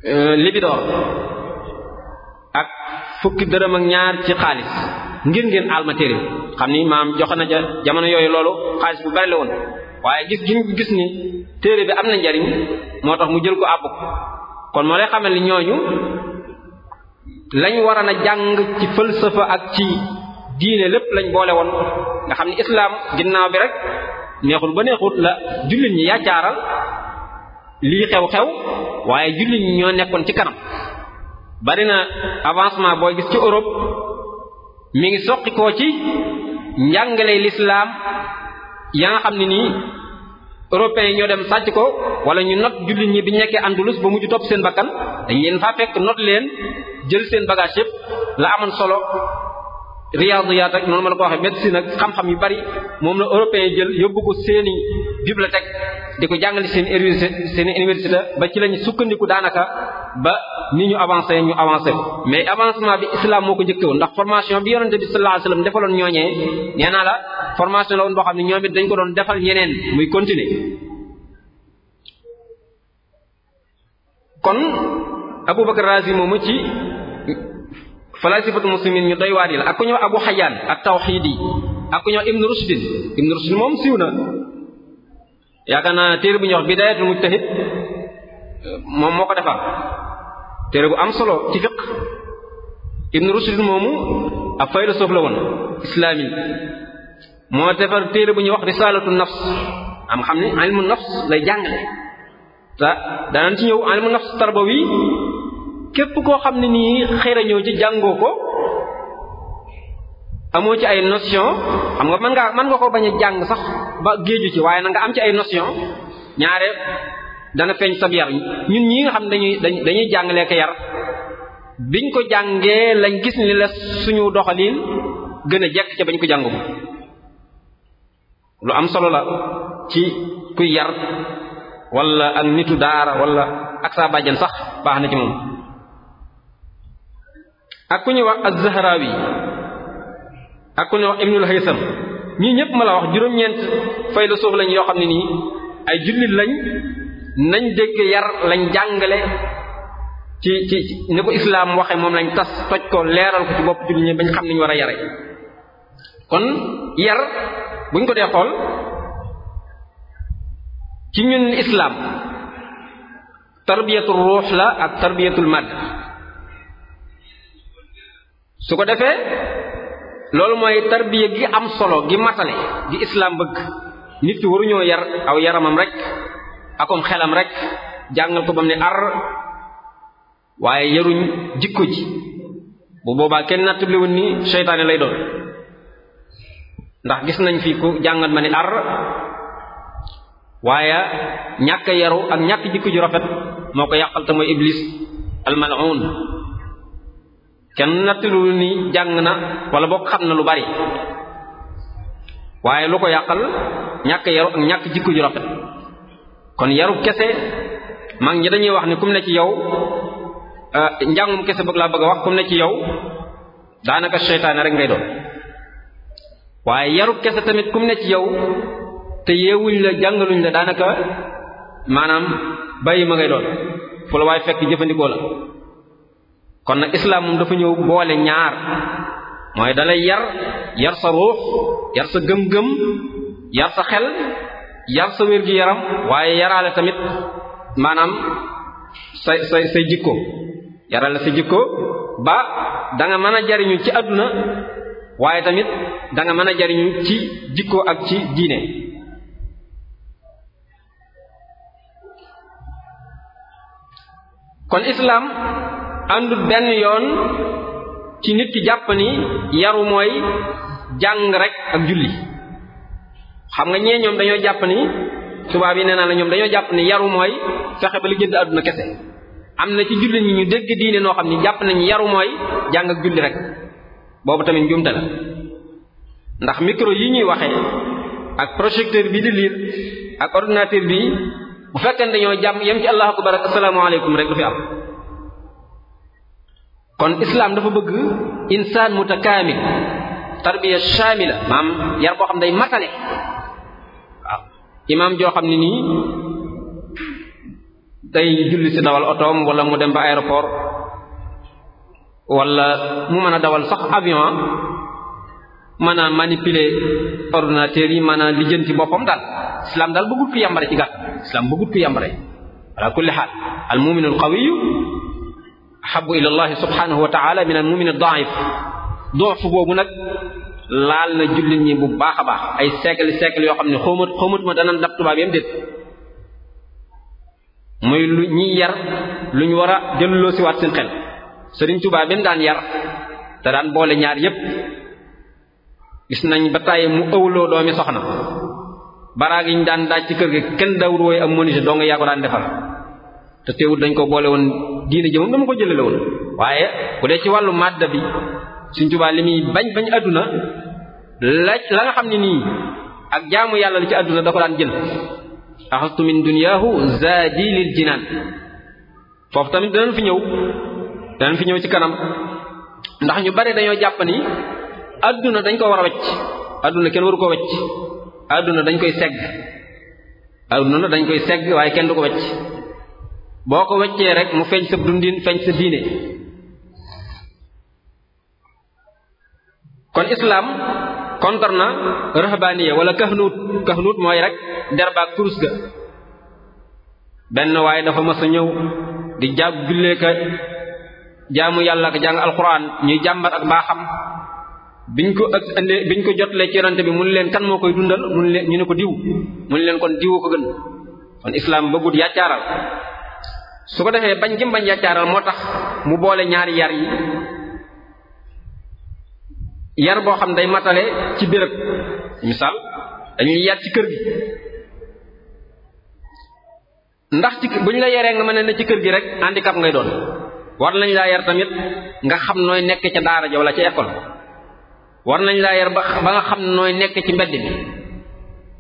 euh, libidoor ak fukki dërëm ak ñaar ci xaalis ngir ngeen alma téere xam ni maam joxe na ja jamono yooyu loolu xaalis bu bari la woon waaye gis gi gis ni téere bi am na njariñ moo tax mu jël ko àbb ko kon moo lay xamal ni ñooñu lañ waroon a jàng ci falsafa ak ci diine lépp lañ boole woon nga xam ni islaam ginnaaw bi rek neexul ba neexul la jullit ñi yàccaaral lii xew-xew waaye jullit ñi ñoo nekkoon ci kanam bari na avancement booy gis ci Europe mi ngi soqikoo ci njàngale lislaam ya nga xam ne nii européens ñoo dem sàcc ko wala ñu not jullit ñi bi ñekkee Andalus ba mujj topp seen bakkan dañ leen faa fekk not leen jël seen bagage yëpp la amoon solo riyadiyaat ak noonu ma la ko waxee médecine xam-xam yu bari moom la européen jël yóbbu ko seeni bibliothèque di ko jàngale seen seen université ba ci lañ sukkandiku daanaka ba ni ñu avancé ñu avancé mais avancement bi islam moo ko njëkke ndax formation bi yonente bi sallallahu alayhi wasallam defaloon ñooñee nee la formation la woon boo xam ne ñoom it dañ ko doon defal ñeneen muy continuer kon Abubakar Razi moomu ci falaasifatul muslimin ñu doy waar yi la ak ku ñëw abu xayaan ak tawxiidi ak ku ñëw ibnu rushdin ibnu rushdin moom siiw na yaakaar naa téere bu ñuy wax bidaayatul mujtahid moom moo ko bu am solo ci moomu ab faylosoof la woon islaami moo defar téere bu ñuy wax risalatu nafs am xam ne ilmu nafs lay jàngale te danañ ci ñëw ilmu nafs tarbawi képp koo xam ne nii xerañoo ci jàngoo ko amoo ci ay notion xam nga man ngaa nga ko bañ jàng sax ba géeju ci waaye na nga am ci ay notion ñaare dana feeñ sab yar ñun ñi nga xam dañuy dañuy jàngale ko yar biñ ko jàngee lañ gis ni la suñu doxalin gën a jekk ca bañ ko jàng lu am solo la ci kuy yar wala ak nitu daara wala ak saa bàjjan sax baax na ci moom ak ku ñuy wax az-Zahraawi ak ku ñuy wax Ibnul Haysam ñii ñëpp ma la wax juróom-ñeent philosophe lañ yoo xam ne nii ay jullit lañ nañ dégg yar lañ jàngale ci ni ko islaam waxe moom lañ tas toj ko leeral ko ci bopp jullit ñi bañ xam ni war a yare kon yar buñ ko dee xool ci ñun islaam tarbiyatul ruux la ak tarbiyatul madd su ko defee loolu mooy tarbiya gi am solo gi matale gi islaam bëgg nit ki waruñoo yar aw yaramam rek akom um xelam rek jàngal ko bam ne ar waaye yaruñ jikko ji bu boobaa kenn nattablewul ni seytaane lay doon ndax gis nañ fi ku jàngal ma ne ar waaye ñàkk yaru ak ñàkk jikko ji rafet moo ko yàqal te mooy iblis almal'un kenn nattilul ni jàng na wala boo xam na lu bari waaye lu ko yàqal ñàkk yaru ak ñàkk jikko ju kon yaru kese mag ñi dañuy wax ni kum ne ci yow euh, njàngum kese boog laa bëgg a wax kum ne ci yow daanaka seytaane rek ngay doon waaye yaru kese tamit kum ne ci yow te yeewuñ la jàngaluñ la daanaka maanaam bàyyi ma ngay doon fu la waaye fekk jëfandikoo la kon nag islam moom dafa ñëw boole ñaar mooy dalay yar yar sa ruux yar sa gëm-gëm yar sa xel yar sa wér-gi-yaram waaye yaraale tamit maanaam say say say jikko yaraale sa jikko ba da mën a jariñu ci àdduna waaye tamit danga mën a jariñu ci jikko ak ci diine kon islam àndut benn yoon ci nit ki jàpp ni yaru mooy jàng rek ak julli xam nga ñee ñoom dañoo jàpp ni tubaab yi nee naa la ñoom dañoo jàpp ni yaru mooy fexe ba li jënd àdduna kese am na ci julli ñi ñu dégg diine noo xam ni jàpp nañu yaru mooy jàng ak julli rek boobu tamit njuumte la ndax micro yi ñuy waxee ak projecteur bii di liir ak ordinateur bi bu fekkee dañoo jàpp yem ci allahu akbar ak asalaamaaleykum rek du fi am kon islam dafa bëgg insaan mutakaamil tarbiya shamila maam yar boo xam day matale waaw imaam joo xam ne nii day julli si dawal otoom wala mu dem ba aéroport wala mu mën a dawal sax avion mën a manipuler ordinateur yi mën a lijjanti boppam daal islam daal bëggul ku yambare ci gàtt islam bëggul ku yambare ala kulli xaal al muminul ahabu ila allahi subhanahu wa taala min al mumin daif doofu boobu nag laal na jullit ñi bu baax a baax ay siècle siècle yoo xam ne xóomat xóomatuma danañ dab tubaab yam déet muy lu ñuy yar lu ñu war a delloo si waat seen xel Sëriñ Tuubaa daan yar te daan boole ñaar yépp gis nañ ba tàyyi mu ëwloo doomi soxna baraag yi ñu daan daaj ci kër gi kenn dawul wooyu am menuisier doo nga yaa daan defal te teewul dañ ko boole woon diine ji moom dama ko jëlale woon waaye bu dee ci wàllu madda bi Sëriñ Tuubaa li muy bañ bañ àdduna la la nga xam ne nii ak jaamu yàlla li ci àdduna da ko daan jël axastu min duniyaahu zaadi lil jinaan foofu tamit danañ fi ñëw danañ fi ñëw ci kanam ndax ñu bare dañoo jàpp ni àdduna dañ ko war a wecc àdduna kenn waru koo wecc àdduna dañ koy segg àdduna dañ koy segg waaye kenn du ko wecc boo ko weccee rek mu feeñ sa dundin feeñ sa diine kon islaam kontar na rahbaaniya wala kahnuut kahnuut mooy rek derbaak kurus ga benn waaye dafa mas a ñëw di jàgg jullee jaamu yàlla ak jàng alquran ñuy jàmbat ak baaxam biñ ko ak ande biñ ko jotlee ci yonante bi mun leen kan moo koy dundal mun leen ñu ne ko diw mun leen kon diwu ko gën kon islaam bëggut yàccaaral su ko defee bañ gim bañ yaccaaral moo tax mu boole ñaari yar yi yar boo xam day matale ci béréb misaal dañuy yar ci kër gi ndax bu ñu la yaree nga mën ne ne ci kër gi rek handicap ngay doon war nañ laa yar tamit nga xam nooy nekk ca daara ja wala ca école war nañ laa yar ba ba nga xam nooy nekk ci mbedd mi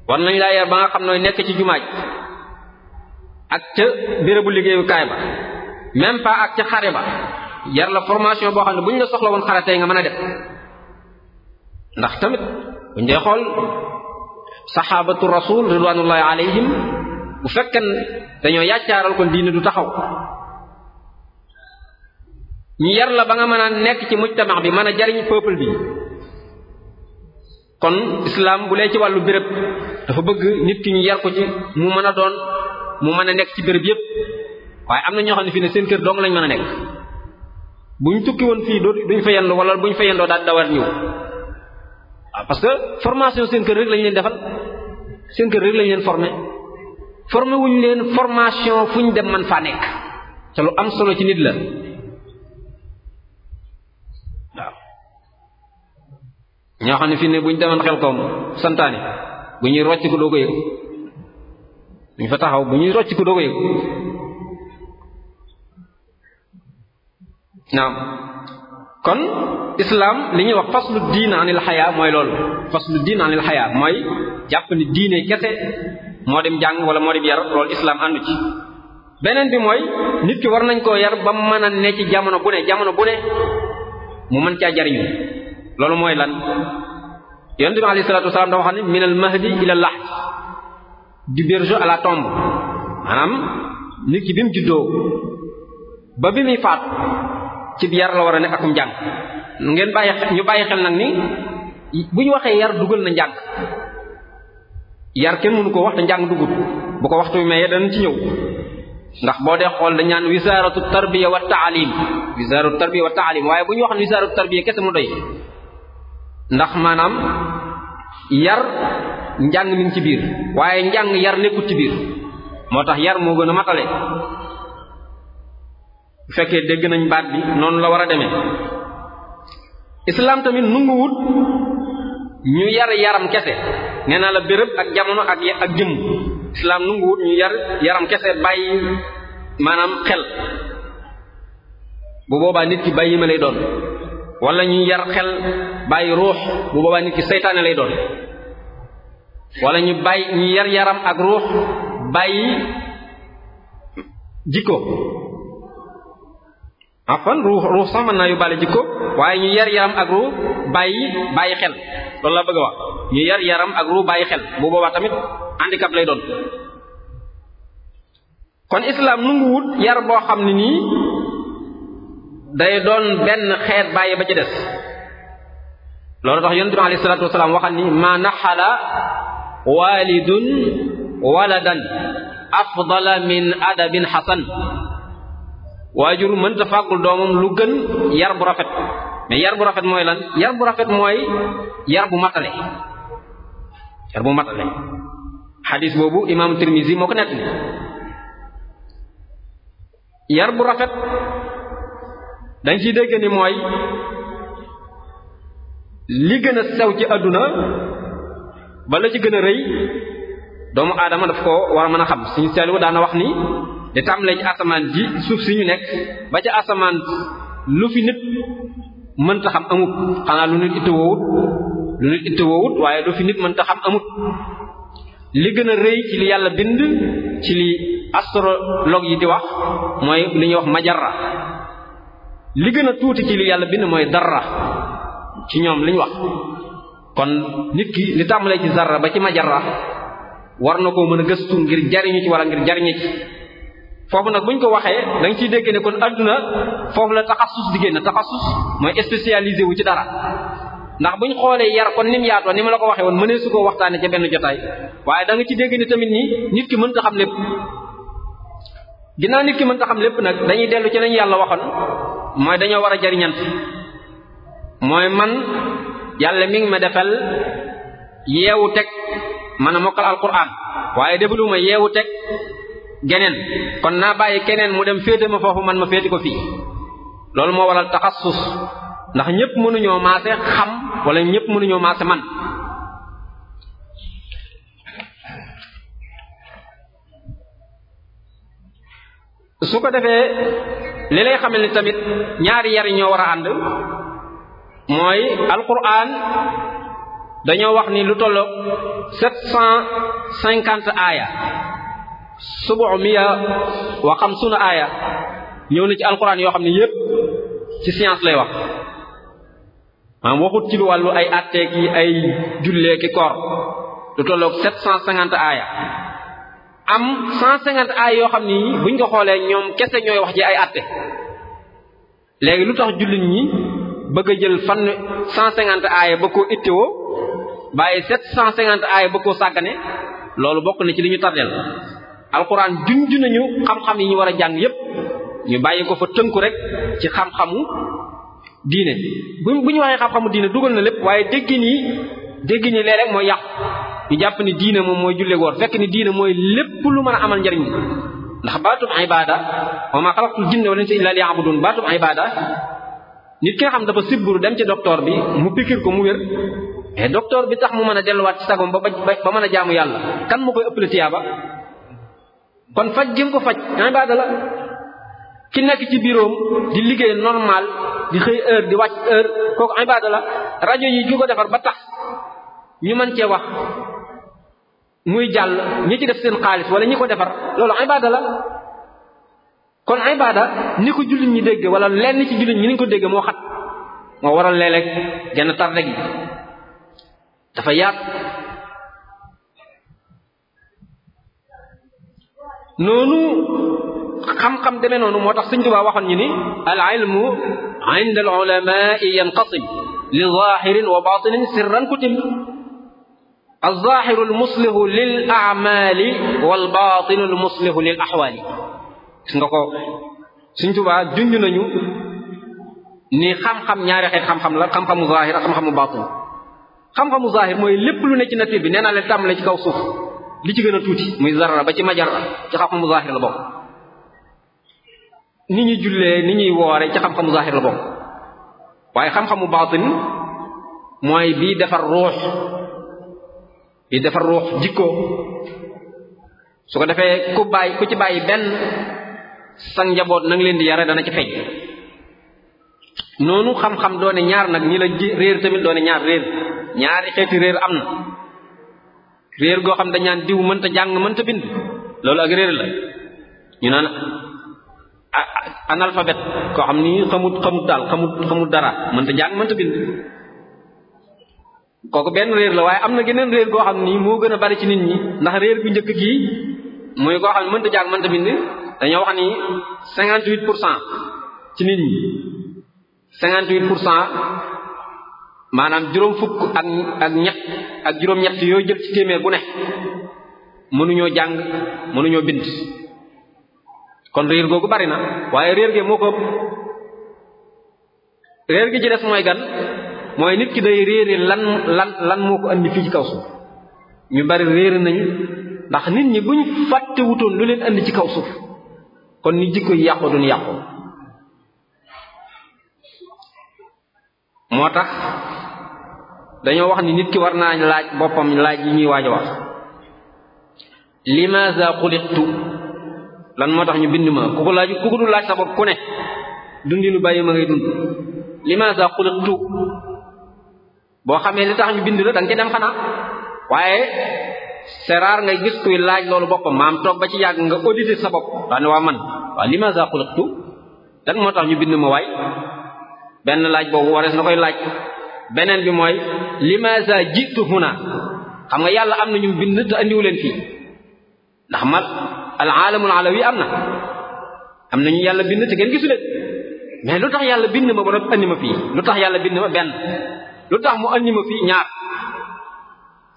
war nañ laa yar ba nga xam nooy nekk ci jumaa ji ak ca bérébu liggéeyukaay ba même pas ak ca xare ba yar la formation boo xam ne bu ñu la soxla woon xare tey nga mën a def ndax tamit buñ dee xool saxaabatu rasul ridwanullahi alayhim bu fekken dañoo yàccaaral ko diine du taxaw ñu yar la ba nga mën nekk ci mujtama bi mën a jariñ peuple bi kon islam bu lee ci wàllu béréb dafa bëgg nit ki ñu yar ko ci mu mën a doon mu mën a nekk ci béréb yépp waaye am na ñoo xam ne fii ne seen kër dong lañ mën a nekk bu ñu tukki woon fii doo duñ fa yendoo wala bu ñu fa yendoo daal dawal ñëw waaw parce que formation seen kër rek lañ leen defal seen kër rek lañ leen formé formé leen formation fu ñu dem man faa nekk te lu am solo ci nit la waaw ñoo xam ne fii ne bu ñu demoon xel koom santaane bu ñuy rocc ko doo ko yëg duñ fa taxaw bu ñuy rocc ko doog a yëg naam kon islaam li ñuy wax faslu diin anil xayaa mooy loolu faslu diin anil xayaa mooy jàpp ni diine kese moo dem jàng wala moo dem yar loolu islaam àndu ci beneen bi mooy nit ki war nañ koo yar ba mën a ne ci jamono bu ne jamono bu ne mu mën caa jariñu loolu mooy lan yonent bi alayhi salaatu wasalaam ne minal mahdi ila lahd du berger à la tombe maanaam nit ki bi mu juddoo ba muy faatu ci yar la war a nekk akum njàng ngeen bàyyi ñu bàyyi xel nag ni bu ñu waxee yar dugal na njàng yar kenn mënu ko wax te njàng dugut bu ko waxtu mayee danañ ci ñëw ndax boo dee xool dañ naan wisaaratu tarbiya wa taalim wisaaratu tarbiya wa taalim waaye bu ñu wax ne wisaaratu tarbiya kese mu doy ndax maanaam yar njàng mi ci biir waaye njàng yar nekkut ci biir moo tax yar moo gën a matale bu fekkee dégg nañ baat bi noonu la war a deme islam tamit nunguwut ñu yar yaram kese nee naa la béréb ak jamono ak ak jëmm islam nunguwut ñu yar yaram kese bàyyi maanaam xel bu boobaa nit ki bàyyi ma lay doon wala ñuy yar xel bàyyi ruux bu boobaa nit ki seytaane lay doon wala ñu bàyyi ñu yar yaram ak ruux bàyyi jikko afan ah ruux ruux sax mën naa yóbbaale jikko waaye ñu yar yaram ak ruux bàyyi bàyyi xel loolu la bëgg a wax yar yaram ak ruux bàyyi xel bu boobaa tamit handicap lay doon kon islam nu ngu wut yar boo xam ne nii day doon benn xeet bàyyi ba ci des loolu tax yonent bi alayhi salaatu wasalaam waxal ni ma naxala walidun waladan afdala min adabin xasan waajur mënta fàggul doomam lu gën yar bu rafet mais yar bu rafet mooy lan yar bu rafet mooy yar bu matale yar bu boobu imam Tirmizi moo ko nett bu rafet dañ ciy dégg ni mooy li gën a sew ci àdduna bala ci gën a rëy doomu aadama daf ko war a mën a xam suñu seelu daana wax ni di tàmbalee ci asamaan ji suuf si ñu nekk ba ca asamaan lu fi nit mënta xam amut xanaa lu nit itte woowut lu nit itte woowut waaye lu fi nit mënta xam amut li gën a rëy ci li yàlla bind ci li astrologue yi di wax mooy li ñuy wax majarra li gën a tuuti ci li yàlla bind mooy dara ci ñoom liñ wax kon nit ki li tàmbalee ci zarra ba ci majarra war na koo mën a gëstu ngir jariñu ci wala ngir jariñu ci foofu nag buñ ko waxee da nga ciy dégg ne kon adduna foofu la taxasus di génn taxasus mooy spécialisé wu ci dara ndax ñu xoolee yar kon ni mu yaatoo ni ma la ko waxee woon mënee su ko waxtaanee ca benn jotaay waaye da nga ci dégg ne tamit ni nit ki mënta xam lépp ginnaaw nit ki mën ta xam lépp nag dañuy dellu ci lañu yàlla waxoon mooy dañoo war a jariñant mooy man yàlla mi ngi ma defal yeewu teg man a mokkal alquran waaye defalu ma yeewu teg geneen kon naa bàyyi keneen mu dem féete ma foofu man ma féete ko fii loolu moo waral taxassus ndax ñëpp mënuñoo maase xam wala ñëpp mënuñoo maase man su ko defee li lay xamal ni tamit ñaari yari ñoo war a ànd mooy alquran dañoo wax ni lu tolloog sept cent cinquante aaya subu miya wa xamsuna aaya ñëw na ci alquran yoo xam ne yépp ci science lay wax maanaam waxut ci wàllu ay atteek yi ay jullee ki koor lu tolloog sept cent cinquante aaya am 150 ay yoo xam ni buñ ko xoolee ñoom kese ñooy wax ji ay àtte léegi lu tax jullit ñi bëgg jël fan 150 ay ba koo ittewoo bàyyi 750 ay ba koo sàggane loolu bokk na ci li ñu tardeel alxuraan junj nañu xam-xam yi ñu war a jàng yépp ñu bàyyi ko fa tënku rek ci xam-xamu diine bu bu ñu waxee xam-xamu diine dugal na lépp waaye dégg nii dégg nii léeg mooy yàqu ñu jàpp ni diine moom mooy julli woor fekk ni diine mooy lépp lu mën a amal njariñ ndax baatub ibada wa ma xalaqtul jinna wal insa illa liya'budun baatub ibada nit ki xam dafa sibburu dem ci docteur bi mu pikir ko mu wér mais docteur bi tax mu mën a delluwaat ci sagom ba ba ba mën a jaamu yàlla kan mu koy ëppale tiyaaba kon faj gi ko faj ibada la ki nekk ci biroom di liggéey normal di xëy heure di wàcc heure kooku ibada la rajo yi ko defar ba tax ñu man cee wax muy jàll ñi ci def seen xaalis wala ñi ko defar loolu ibada la kon ibada ni ko jullit ñi dégg wala lenn ci jullit ñi ni ko dégg moo xat moo waral léeg-léeg genn tarde gi dafa yaat noonu xam-xam demee noonu moo tax Sëriñ Tuubaa waxoon ñi ni al ilmu inda al ulamaai yanqasim li zahirin wa batinin sirran kutim alzahiru almuslihu lil amali walbatinu almuslihu lil axwaali gis nga ko Sëriñ Tuubaa junj nañu ni xam-xam ñaari xeet xam-xam la xam-xamu zahir ak xam-xamu xam-xamu zahir mooy lépp lu ne ci nature bi nee naa leen tàmbale ci li ci gën a tuuti muy zarra ci majarra ci xam ni ñuy jullee ni ñuy woore ci xam-xamu zahir la bokk waaye xam-xamu batin mooy bii defar ruux di defar ruux jikko su ko defee ku bàyyi ku ci bàyyi benn sa njaboot na nga leen di yare dana ci feeñ noonu xam-xam doone ñaar nag ñi la réer tamit doone ñaar réer ñaari xeeti réer am na réer goo xam dañ naan diw mënta jàng mënta bind loolu ak réer la ñu naan analphabète koo xam ni xamut xamut daal xamut xamut dara mënta jàng mënta bind kooku benn réer la waaye am na geneen réer goo xam ni moo gën a bari ci nit ñi ndax réer gu njëkk gi muy koo xam ne mënta jàng mënta bind dañoo wax ni cinquante huit pour cent ci nit ñi cinquante pour cent maanaam juróom fukk ak ak ñett ak juróom ñett yooyu jël ci téeméer bu ne mënuñoo jàng mënuñoo bind kon réer googu bari na waaye réer gi moo ko réer gi ci des mooy gan mooy nit ki day réere lan lan lan moo ko andi fii ci kaw suuf ñu bari réere nañu ndax nit ñi buñ fàtte lu leen andi ci kaw suuf kon ni jikko yi yàqu duñ yàqu moo tax dañoo wax ni nit ki war naa laaj boppam laaj yi ñuy waaj a wax limaza xuliqtu lan moo tax ñu bind ma ku ko laaj ku ko dul laaj sa ku ne dundinu bàyyi ma ngay dund limaza xuliqtu boo xamee li tax ñu bind la da nga ci dem xanaa waaye c'est rare ngay gis kuy laaj loolu boppam maam toog ba ci yàgg nga auditer sa bopp daane waa man waaw limaza xulaqtu dan moo tax ñu bind ma waay benn laaj boobu warees na koy laaj beneen bi mooy limaza jiitu huna xam nga yàlla am nañu ñu bind te andiwu leen fii ndax mal al alamul alawi am na am nañu yàlla bind te ngeen gisu leen mais lu tax yàlla bind ma ba noppi andi ma fii lu tax yàlla bind ma benn lu tax mu andi ma fii ñaar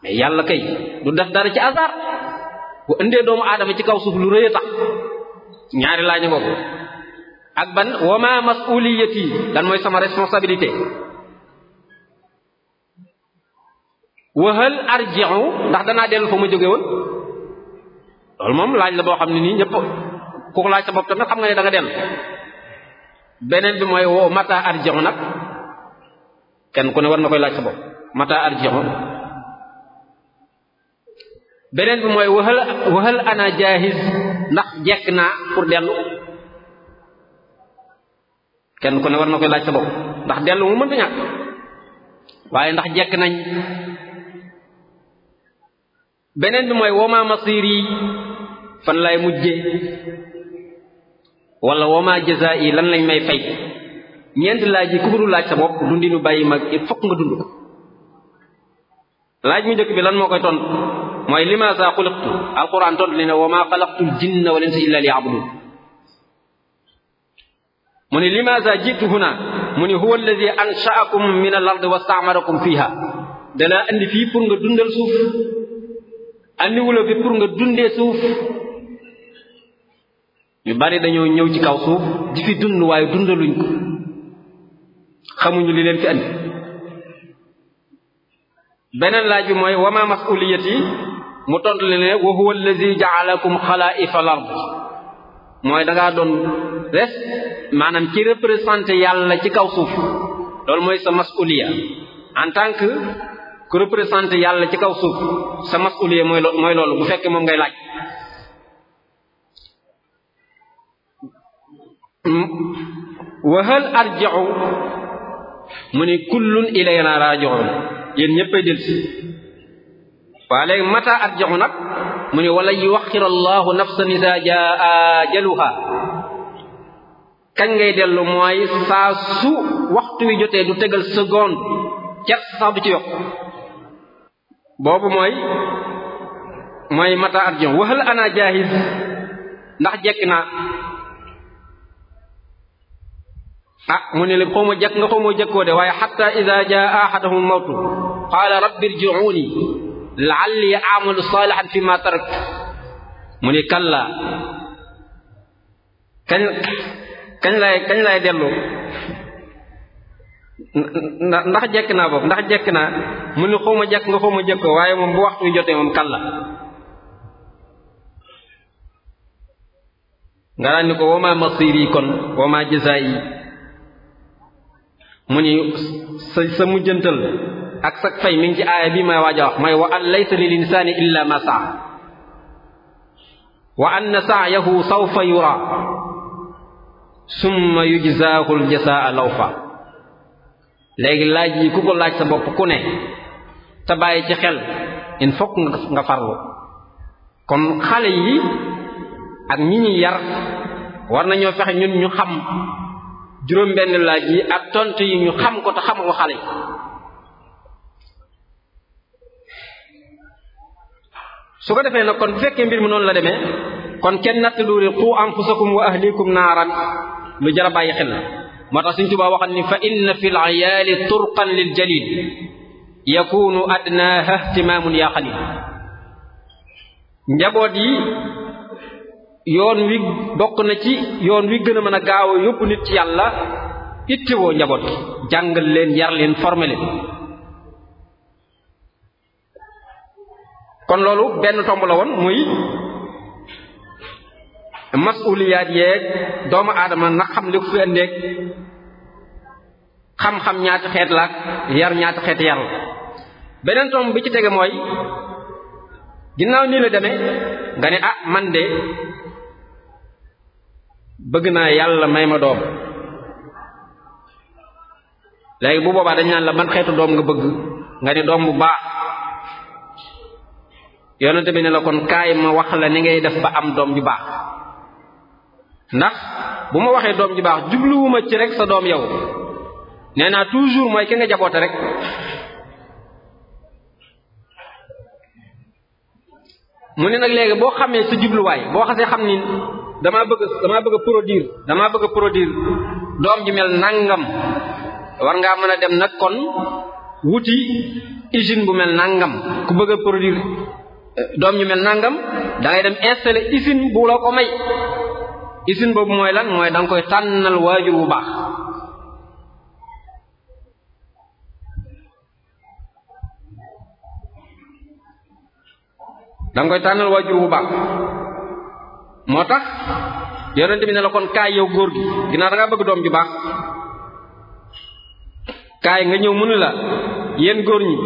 mais yàlla kay du def dara ci hasard bu indee doomu aadama ci kaw suuf lu rëy a tax ñaari laaj nga ko ak ban wa ma mas'uliyati lan mooy sama responsabilité wa hal arji'u ndax danaa dellu fa ma jóge woon loolu moom laaj la boo xam ne nii ñëpp ku laaj sa bopp tamit xam nga ne da nga dellu beneen bi mooy wo mata arji'u nag kenn ku ne war na koy laaj sa bopp mata arji'u beneen bi mooy waxal waxal ana jaahiz ndax jekk naa pour dellu kenn ku ne war na koy laaj sa ndax dellu mu mënta ñàkk waaye ndax jekk nañ beneen bi mooy woma masir yi fan lay mujje wala woma jaza lan lañ may fay ñeent laaj yi ku laaj sa bopp dundinu bàyyi mag il fokk nga dund ko laaj mu njëkk bi lan moo koy tontu mooy limaasa xuliqtu alquran tontu li ne wa maa xalaqtul jinna wal insa illa liya'budun mu ne limaasa jiitu huna mu ne huwa alladi anshaakum min al ard wa staamarakum fiha dalaa andi fii pour nga dundal suuf andi wula fi pour nga dundee suuf ñu bari dañoo ñëw ci kaw suuf di fi dund waaye dundaluñ ko xamuñu li leen fi andi beneen laaj bi mooy wama masuliyati mu tontu le ne wa huwa allazi jaalakum xalaifa al ard mooy da doon res maanaam ci représenté yàlla ci kaw suuf loolu mooy sa masuliya en tant que ku représenté yàlla ci kaw suuf sa masuliya mooy loolu mooy loolu bu fekkee moom ngay laaj wa hal arji'u mu ne kullun ilayna raaji'un yéen ñëppay delsi waa léegi mata at joxu nag mu ne wala yuwaxir allahu nafsan iza jaa ajaluha kañ ngay dellu mooy saa waxtu wi jotee du tegal seconde cer sax du ci yokk boobu mooy mooy mata at jox waxal ana jaahis ndax jekk naa ah mu ne leen xaw nga xaw ma de waaye xatta ida jaa ahadahum mawtu qaala rabbi irji'uuni la'alli a'malu saalihan fi ma tarak mu kalla kañ kañ laay kañ laay dellu ndax jekk naa boobu ndax jekk naa mu ne xaw ma jekk nga xaw ma jekkoo waaye moom bu waxtu jote moom kalla nga daan ko wama masiri kon jazaa'i mu ni sa sa mujjantal ak sa fay mi ci aaya bi may waaj a wax mooy wa an laysa lil insaani illa ma saa wa anna sa'yahu sawfa yura summa yujzaahu ljazaa lawfa léegi laaj yi ku ko sa bopp ku ne te bàyyi ci xel il faut nga farlu kon xale yi ak ñi yar war nañoo fexe ñun ñu xam juróom benn laaj yi ak tontu yi ñu xam ko te xam ko xale su ko defee nag kon bu fekkee mbir mi noonu la demee kon kenn natt luuri qu anfusakum wa ahlikum naaran lu jar a xel moo tax suñ tubaa waxal ni fa inna fi l ayaali turqan lil jalil yakunu adnaaha ihtimaamun yaa xalil njaboot yi yoon wi bokk na ci yoon wi gën a mën a gaaw a yóbbu nit ci yàlla ittewoo njaboot gi jàngal leen yar leen former leen kon loolu benn tomb la woon muy masuliyaat yee doomu aadama nag xam li ko fi andeeg xam-xam ñaati xeet laak yar ñaati xeet yar la beneen tomb bi ci tege mooy ginnaaw nii la demee nga ne ah man de bëgg naa yàlla may ma doom léegi bu boobaa dañ naan la ban xeetu doom nga bëgg nga ne doom bu baax yonente bi ne la kon kaay ma wax la ni ngay def ba am doom ju baax ndax bu ma waxee doom ju baax jubluwuma ci rek sa doom yow nee naa toujours mooy ki nga jaboote rek mu ne nag léegi boo xamee sa jubluwaay boo xasee xam ni damaa bëgg damaa bëgg a produire damaa bëgg a produire doom ji mel nangam war ngaa mën a dem nag kon wuti usine bu mel nangam ku bëgg a produire eh, doom ñu mel nangam da ngay dem installer usine bu la ko may usine boobu mooy lan mooy da nga koy tànnal waajur bu baax da nga koy tànnal waajur bu baax moo tax yonent bi ne la kon kaay yow góor gi ginnaaw da ngaa bëgg doom ju baax kaay nga ñëw mënu la yéen góor ñi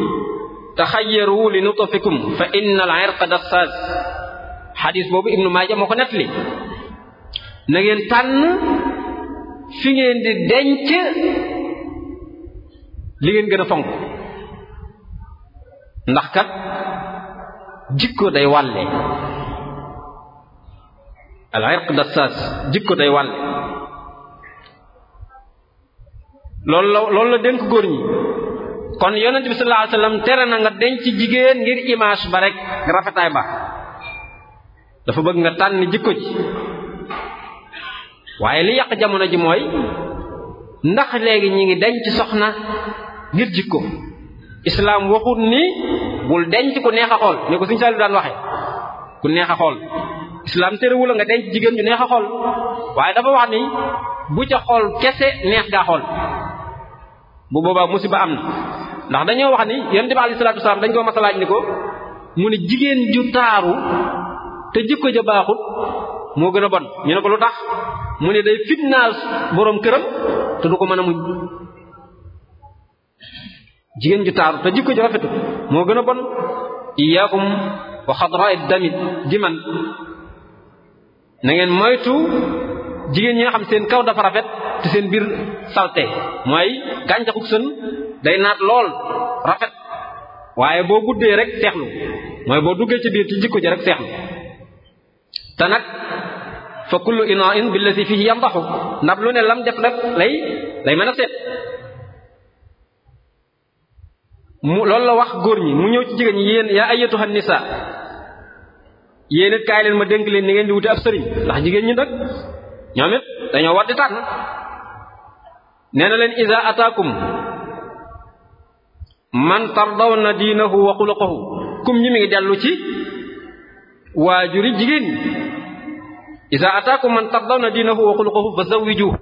taxayyaru li nutfikum fa inna al irqa dassas xadis boobu ibnu maaja moo ko nettali na ngeen tànn fi ngeen di denc li ngeen gën a fonk ndax kat jikko day wàlle al irq dassaas jikko day wàlle loolu la loolu la dénk góor ñi kon yonent bi sallallahu tere na nga denc jigéen ngir image ba rek rafetaay ba dafa bëgg nga tànn jikko ci waaye li yàq jamono ji mooy ndax léegi ñi ngi denc soxna ngir jikko islaam waxut ni bul denc ku neex a xool ni ko suñu Saliou daan waxe ku neex a xool islam terewul nga denc jigéen ñu neex a xool waaye dafa wax ni bu ca xool kese neex gaa xool bu boobaa ba am na ndax dañoo wax ni yonent bi alayhi salaatu wasalaam dañ koo mas a ni ko mu ne jigéen ju taaru te jikko ja baaxut moo gën a bon ñu ne ko lu tax mu ne day fitnaal boroom këram te du ko mën a muñ jigéen ju taaru te jikko ja rafetut moo gën a bon iyaakum wa xadraa'id dami diman na ngeen moytu jigéen ñi nga xam seen kaw dafa rafet te seen biir salte mooy gàncaxuk sën day naat lool rafet waaye boo buddee rek seexlu mooy boo duggee ci biir ci jikko ji rek seexlu te nag fa kullu inaa'in billati fihi yandaxu ndab lu ne lam def nag lay lay mën a seet mu loolu la wax góor ñi mu ñëw ci jigéen ñi yéen yaa ayyatuha nisa yéen it kaay ma dénk leen ni ngeen di wute ab sëriñ ndax jigéen ñi nag dañoo war di tànn nee na leen iza ataakum man tardawna diinahu wa xuluqahu kum ñi dellu ci waajuri jigéen ñi iza ataakum man tardawna diinahu wa xuluqahu fa zawwijuhu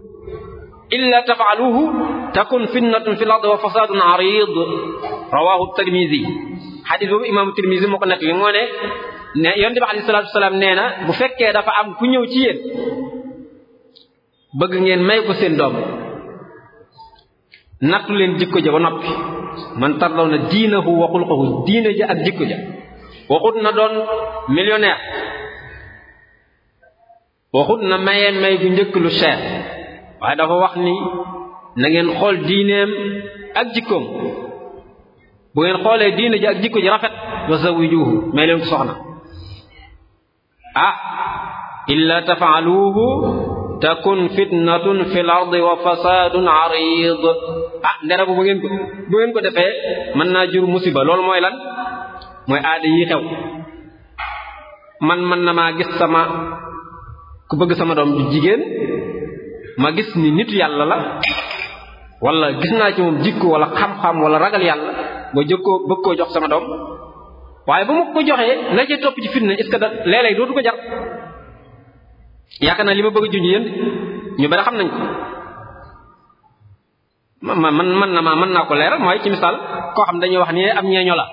illa tafaaluhu takun fitnatun fil ard wa fasadun arid rawahu tirmisi xadis boobu imaamu tirmisi moo li moo ne yonent bi alayhi nee na bu fekkee dafa am ku ñëw ci yéen bëgg ngeen may ko seen doom nattu leen jikko ja ba noppi man tardaw na diinahu wa xulqahu diina ja ak jikko ja waxut na doon millionnaire waxut na mayee may gu njëkk lu cher waaye dafa wax ni na ngeen xool diineem ak jikkoom bu ngeen xoolee diina ji ak jikko ji rafet wa zawijuhu may leen ko soxna ah illa tafaaluuhu takun fitnatun fil ardi wa fasaadun arid ah ndera bu bu ngeen ko defee mën naa jur musiba loolu mooy lan mooy aada yi xew man mën na maa gis sama ku bëgg sama doom ju jigéen ma gis ni nitu yàlla la wala gis naa ci moom jikko wala xam-xam wala ragal yàlla ba jëkkoo bëgg koo jox sama doom waaye bu ma ko joxee la cee topp ci fitna est-ce que dootu ko jar yaakaar naa li ma bëgg a junj yéen ñu bari xam nañ ko man man man na ma mën naa ko leer mooy ci misaal koo xam dañuy wax ni am ñeeño la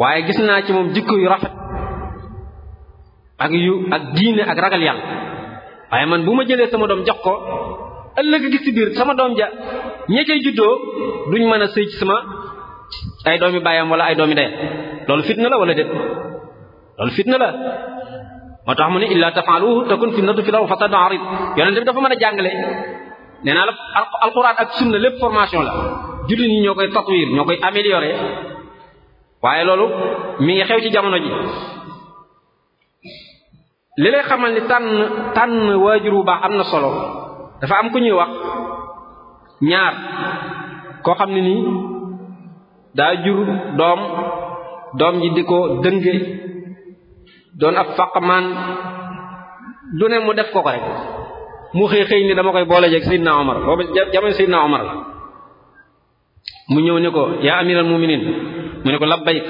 waaye gis naa ci moom jikko yu rafet ak yu ak diine ak ragal yàlla waaye man bu ma jëlee sama doom jox ko ëllëg gis ci biir sama doom ja ña cay juddoo duñ mën a sëy sama ay doomi baayam wala ay doomi dayam loolu fitna la wala déet loolu fitna la moo tax mu ne illa tafaaluhu takun fitnatu fil ardi fasadun arid yonent bi dafa mën a jàngale nee naa la alquran ak lépp formation la jullit ñi ñoo koy tatwir ñoo koy améliorer waaye loolu mi ngi xew ci jamono ji li xamal ni tànn tànn waajur bu baax am na solo dafa am ku ñuy wax ñaar koo xam ne nii daa jur doom doom ji di ko dënge doon ab faqamaan lu ne mu def ko ko rek mu xëy xëy ni dama koy boole jeeg Seydina Omar boobu jamono Seydina Omar la mu ñëw ni ko yaa amiral muminin mu ne ko labbayk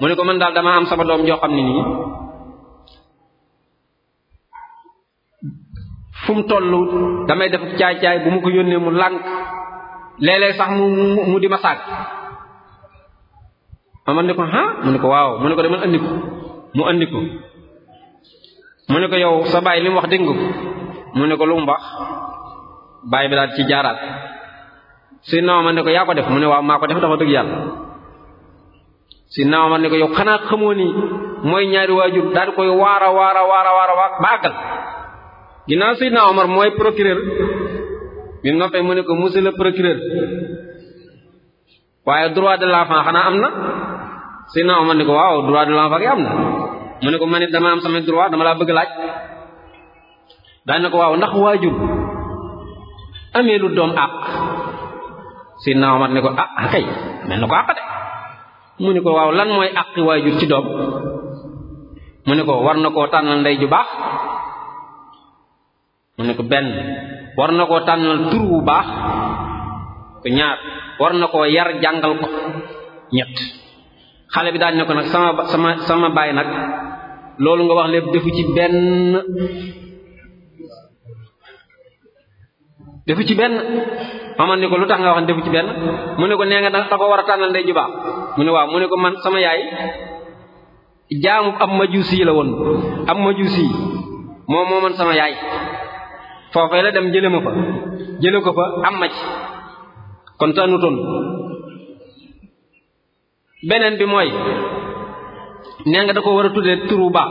mu ne ko mën daal dama am sama doom joo xam ne nii fu mu toll damay def caay-caay bu ma ko yónnee mu lànk léeg sax mu mu di ma sàkk Omar ah, ne ko ah mu ne ko waaw mu ne ko demal andi ko mu andi ko mu ne ko yow sa baay wax dégg ko mu ne ko lu mu baay bi daal ci jaaral Seydina Omar ne ko yaa ko def mu ne waaw maa ko def dafa dëgg yàlla Seydina Omar ne ko yow xanaa xamoo mooy ñaari waajur daal koy waara waara waara waara waa ba àggal ginnaaw Seydina Omar mooy procureur bi mu noppee mu ne ko monsieur le procureur waaye droit de l'enfant xanaa am na Seydina Omar ne ko waaw droit de l'envoi am na mu ne ko man it dama am sama droit dama laa bëgg laaj daañu ko waaw ndax waajur amee lu doom àq Seydina Omar ne ko ah, ah kay mel na ko àq de mu ni ko waaw lan mooy àqi waajur ci doom mu ne ko war na koo tànnal ndey ju baax mu ne ko benn war na koo tànnal tur wu baax ko ñaar war na koo yar jàngal ko ñett xale bi daañu ne ko nag sama sama sama baay nag loolu nga wax lépp defu ci benn defu ci benn maman ni ko lu tax nga wax defu ci benn mu ne ko nee nga da ko war a tànnal ndey ju mu ne waaw mu ne ko man sama yaay jaamu am sii la woon am majusi moom moo man sama yaay foofee la dem jële ma fa jële ko fa am ma ci kon tànnutoon beneen bi mooy nee nga da ko war a tuddee turu ba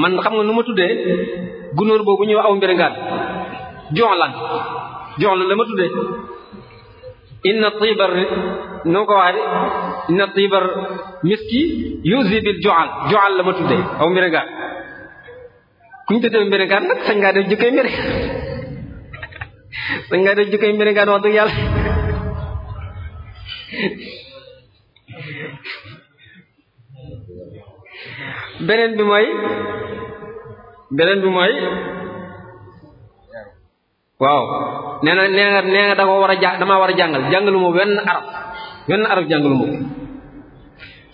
man xam nga nu ma tuddee gunóor boobu ñuy wax aw mbiringaan joxlan joxlan la ma tuddee inna tiibar nu ma ko waxee inna tiibar miski yusi bil joxal joxal la ma tuddee aw mbiringaan ku ñu tuddee mbiringaan nag sañ nga def jikkoy mbiri sañ mbiringaan wax dëgg beneen bi mooy beneen bi mooy waaw nee na nee nga nee nga da war a jàng dama war a jàngal jàngalu wenn arab wenn arab jàngalu ma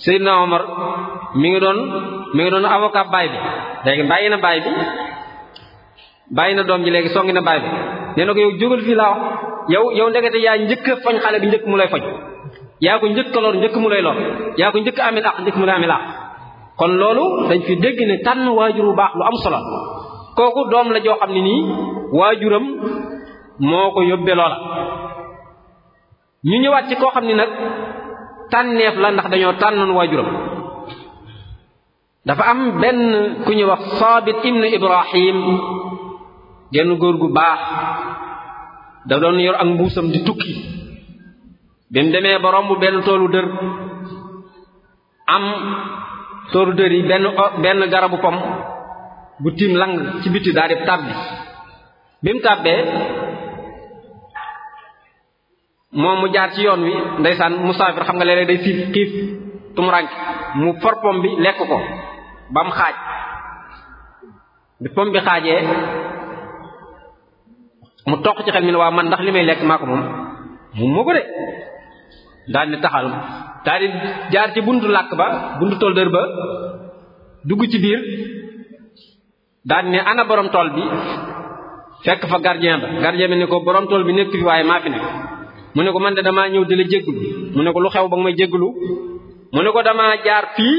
Seydina Omar mi ngi doon mi ngi doon avocat baay bi léegi bàyyi na baay bi bàyyi na doom ji léegi songi na baay bi nee na ko yow jógal fii laa wax yow ndekete yaa njëkk a foñ xale bi njëkk mu lay foñ yaa ko njëkk a lor njëkk mu lay lor yaa ko njëkk a amil ak njëkk mu lay amil ak kon loolu dañ fi dégg ne tànn waajur bu baax lu am solo kooku doom la joo xam ne nii waajuram moo ko yóbbee loola ñu ñëwaat ci koo xam ni nag tànneef la ndax dañoo tànnoon waajuram dafa am benn ku ñu wax saabit ibnu ibrahim genn góor gu baax da doon yor ak mbuusam di tukki bi mu demee ba romb benn toolu dër am soruteur yi benn benn garabu pom bu tiim lang ci biti daal di tàbbi bi mu tàbbee moom mu jaar ci yoon wi ndeysaan musaafir xam nga léeg-léeg day siif xiif tumuranke mu for pom bi lekk ko ba mu xaaj bi pom bi xaajee mu toq ci xel mi ne waa man ndax li may lekk maa ko moom mu moo de daal di taxal daal di jaar ci buntu làkk ba buntu toldër ba dugg ci biir daal ne ana borom tool bi fekk fa gardien ba gardien bi ne ko borom tool bi nekk fi waaye maa mu ne ko man de damaa ñëw dina la mu ne ko lu xew ba nga may mu ne ko dama jaar fii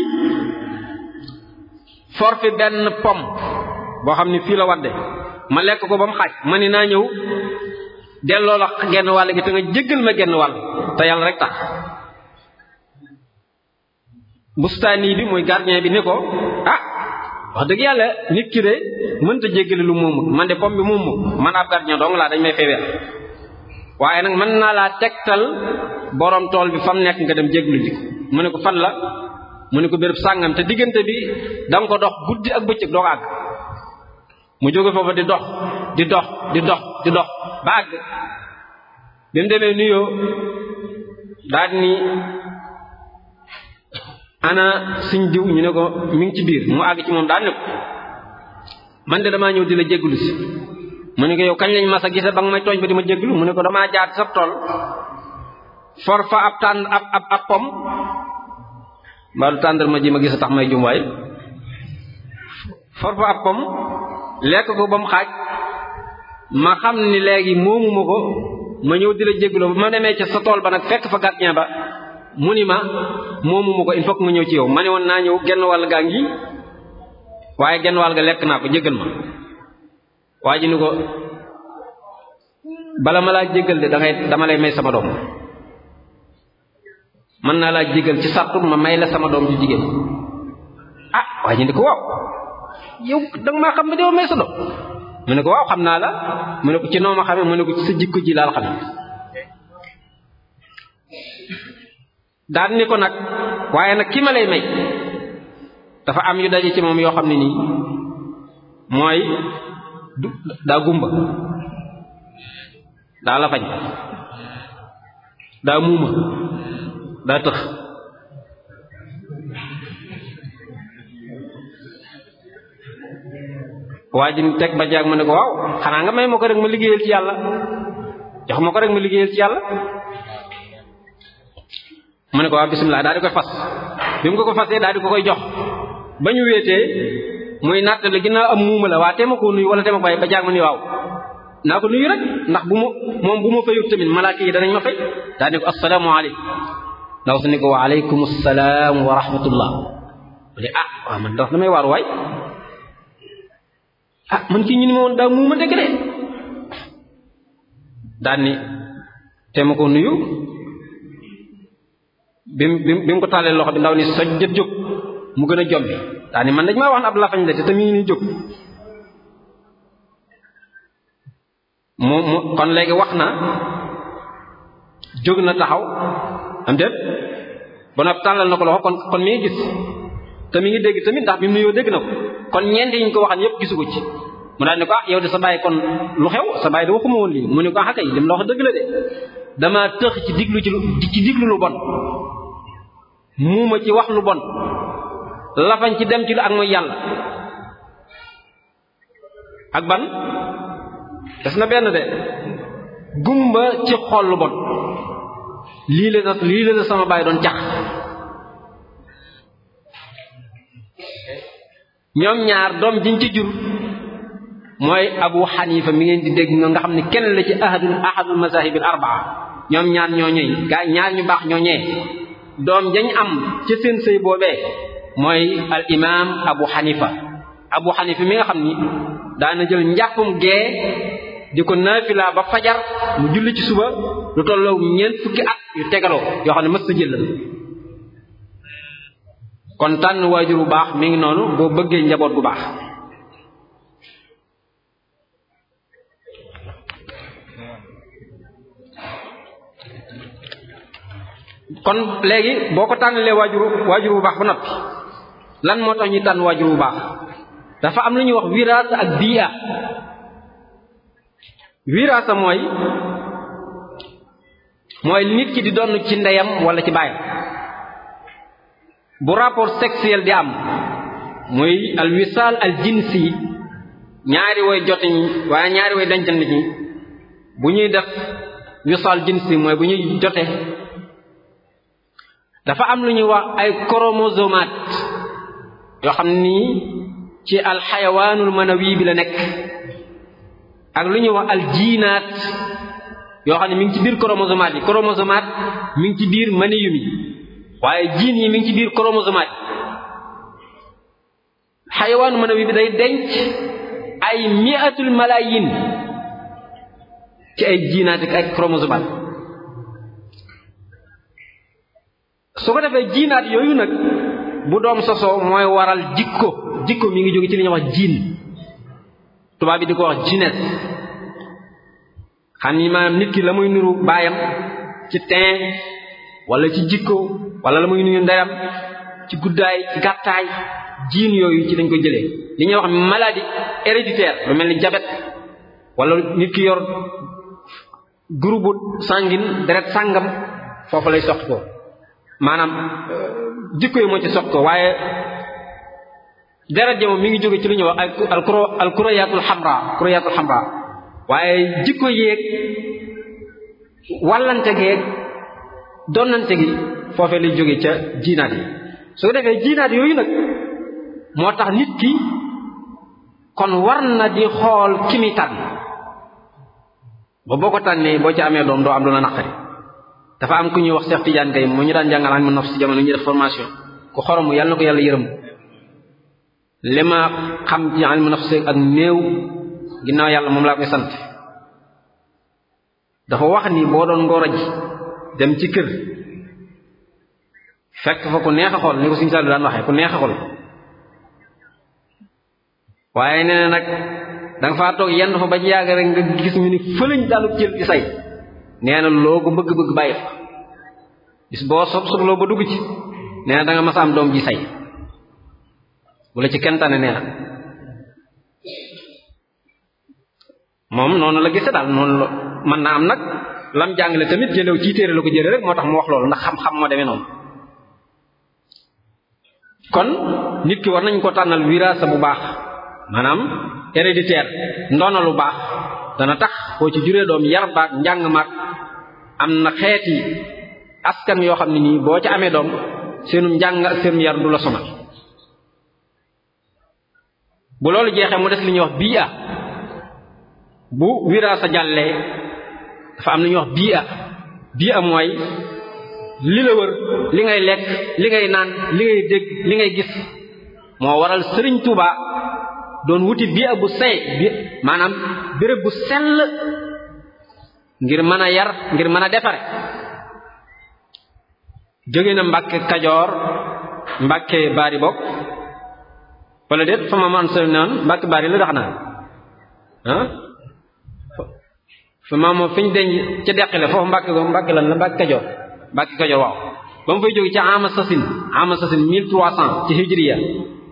for fi benn pom boo xam ne fii la wadde ma lekk ko ba mu xaj ma ni naa ñëw delloo la genn wàll gi te nga jéggal ma genn wàll te yàlla rek tax bustaani bi muy gardien bi ni ko ah wax dëgg yàlla nit ki de mënta jéggale lu moomut man de pomme bi moomu man ab gardien dong laa dañ may fay waaye nag man naa laa tegtal boroom tool bi fam nekk nga dem jéglu ji mu ne ko fan la mu ne ko béréb sàngam te diggante bi da ko dox guddi ak bëccëg doo àgg mu jóge foofa di dox di dox di dox di dox ba àgg bi demee nuyoo daal ni ana suñ diw ñu ne ko mi ngi ci biir mu àgg ci moom daan ne ko man de damaa ñëw di la jégglu si mu ne ko yow kañ lañ mas a gise ba nga may tooñ ba di ma jégglu mu ne ko damaa jaar sa tool for fa ab tànn ab ab ab pom ji ma gis a tax for fa pom lekk ko ba mu xaaj ma xam ni léegi moomu ko ma ñëw di la jégglu ba ma demee ca sa tool ba nag fekk fa gardien ba mu ni ma moomu ma ko il faut ma mu ñëw ci yow ma ne woon naa ñëw genn wàll gaa ngi waaye genn wàll ga lekk naa ko jéggal ma waa ji ni ko bala ma laa jéggal de dangay dama lay may sama doom mën naa laa jéggal ci sàrtu ma may la sama doom ju jigéen ah waa ji ni ko waaw yow danga maa xam ne dama may sa doom mu ne ko waaw xam naa la mu ne ko ci noo ma xamee mu ne ko ci sa jikko ji laal xamee daan ni ko nag waaye nag ki ma lay may dafa am yu daje ci moom yoo xam ne nii mooy daa gumba daa lafañ daa muuma daa tëx waa ji teg ba jaag ma ne ko waaw xanaa nga may ma ko rek ma liggéeyal ci yàlla jox ma ko rek ma liggéeyal ci yàlla mu ne ko waaw bisimilah daal di koy fas bi mu ko ko fasee daal di ko koy jox ba ñu wéetee muy nattale ginnaaw am muuma la waa teema nuyu wala teema ko bàyyi ba jaag ma ni waaw naa ndax ma moom bu ma fayut tamit malaaka yi ko asalaamaaleykum ndaw si ne ko waaleykum wa rahmatullah mu ah, waay ah man kii ñu ni ma woon muuma dëgg de daan ni teema nuyu bi mu bi mu ko taalee loxo bi ndaw ni soj jët jóg mu gën a jombi daa ni man dañ maa wax ne ab lafañ la te tamit ni jóg mu mu kon léegi wax na jóg na taxaw am déet ba noppi tàllal na ko loxo kon kon mi ngi gis te mi ngi dégg tamit ndax bi mu nuyoo dégg na ko kon ñeent yi ñu ko waxan yépp gisu ko ci mu daal ne ko ah yow de sa bàyyi kon lu xew sa bàyyi da waxuma woon lii mu ne ko ah kay lim la wax dëgg la de dama tëx ci diglu ci ci diglu lu bon muuma ci wax lu bon lafañ ci dem ci lu ak mooy yàlla ak ban des na benn de gumba ci xool lu bon lii la lii la sama baay doon cax ñoom ñaar doom jiñ ci jur mooy abu xanifa mi ngeen di dégg nga xam ne kenn la ci ahadul ahadul mazahibil arbaa ñoom ñaar ñoo ñëy gaa ñaar ñu baax ñoo ñëwee doom jañ am ci seen say boobee mooy al Abu xanifa Abu Hanifa mi nga xam ni daana jël njàppum gee di ko naafila ba fajar mu julli ci suba lu tolloo ñeent fukki at yu tegaloo yoo xam ne mës sa jël kon tànn waajur bu baax mi ngi noonu boo bëggee njaboot bu baax kon léegi boo ko tànnalee waajur waajur bu baax ba noppi lan moo tax ñu tànn waajur bu baax dafa am lu ñuy wax wiraasa ak biya wiraasa mooy mooy nit ki di donn ci ndeyam wala ci baayam bu rapport sexuel di am muy al wisaal al jinsi ñaari way jote ñi waaye ñaari way dencante ñi bu ñuy def wisaal jinsi mooy bu ñuy jote dafa am lu ñuy wax ay chromosomates yoo xam ni ci alxayawaanul manawi bi la nekk ak lu ñuy wax aljiinaat yoo xam ne mi ngi ci biir chromosomates yi chromosomates mi ngi ci biir maniyu mi waaye jiin yi mi ngi ci biir chromosomates xayawaanul manawi bi day denc ay miatul malayin ci ay jiinaat ak ay chromosomates su ko defee jiinaat yooyu nag bu doom sosoo mooy waral jikko jikko mi ngi jóge ci li ñuy wax jiin tubaab bi di ko wax jinet xam ni maanaam nit ki la muy nuru baayam ci teen walla ci jikko wala la muy nuru ndeyam ci guddaay ci gàttaay jiin yooyu ci dañ ko jëlee li ñuy wax maladie héréditaire lu mel ni jabet walla nit ki yor groupe sanguin deret sàngam foofu lay sox ko maanaam euh, jikko yi moo ci soq ko waaye deret ja moom mi ngi jóge ci lu ñuy wax al kuro al kuroyaatul xamra kuroyaatul xamra waaye jikko yeeg wàllante geeg donnante gi foofee lay jóge ca jiinaat yi su ko defee jiinaat yooyu nag moo tax nit ki kon war na di xool ki mi tànn ba boo ko tànnee boo ci amee doom doo am lu na naqari dafa am ku ñuy wax Cheikh Tidiane Gaye mu ñu daan jàngal mu naf si jamono ñu def formation ku xoromu yàlla na ko yàlla yërëm li ma xam ci almu naf si ak néew ginnaaw yàlla moom laa koy sant dafa wax ni boo doon ngoro ji dem ci kër fekk fa ku neex a xool ni ko suñu sàllu daan waxee ku neex a xool waaye nee na nag danga faa toog yenn fa ba ci yàgg rek nga gis ñu ni fëlañ daalub jël di say nee na loo ko bëgg-bëgg bàyyi ko bis boo sob sobloo ba dugg ci nee na da nga mas am doom ji say bu la ci kenn tane nee na moom noonu la gise daal noonu la mën naa am nag lam jàngale tamit jëlew ci téere la ko jële rek moo tax mu wax loolu ndax xam-xam moo demee noonu kon nit ki war nañ ko tànnal wirasa bu baax maanaam héréditaire ndoona lu baax dana tax boo ci juree doom yar baag njàng maag am na xeeti askan yoo xam ne nii boo ci amee doom seenum njàng ak seenum yar du la sonal bu loolu jeexee mu des li ñuy wax bii a bu wiraasa jàllee dafa am lu ñuy wax bii a bii a mooy li la wër li ngay lekk li ngay naan li ngay dégg li ngay gis moo waral Sëriñ Tuubaa doon wuti bi bu say bi maanaam béréb bu sell ngir mën a yar ngir mën a defare jóge na mbàkke kajoor mbàkke baari bokk wala déet fa ma ma am sa naan mbakk baari la dax naa ah fa ma moom fiñ ñu denc ca deqi la foofu mbàkke go mbàkke lan la mbàkke kajoor mbàkke kajoor waaw ba mu fay jóge ca ama sasin ama sasin mille ci hijriya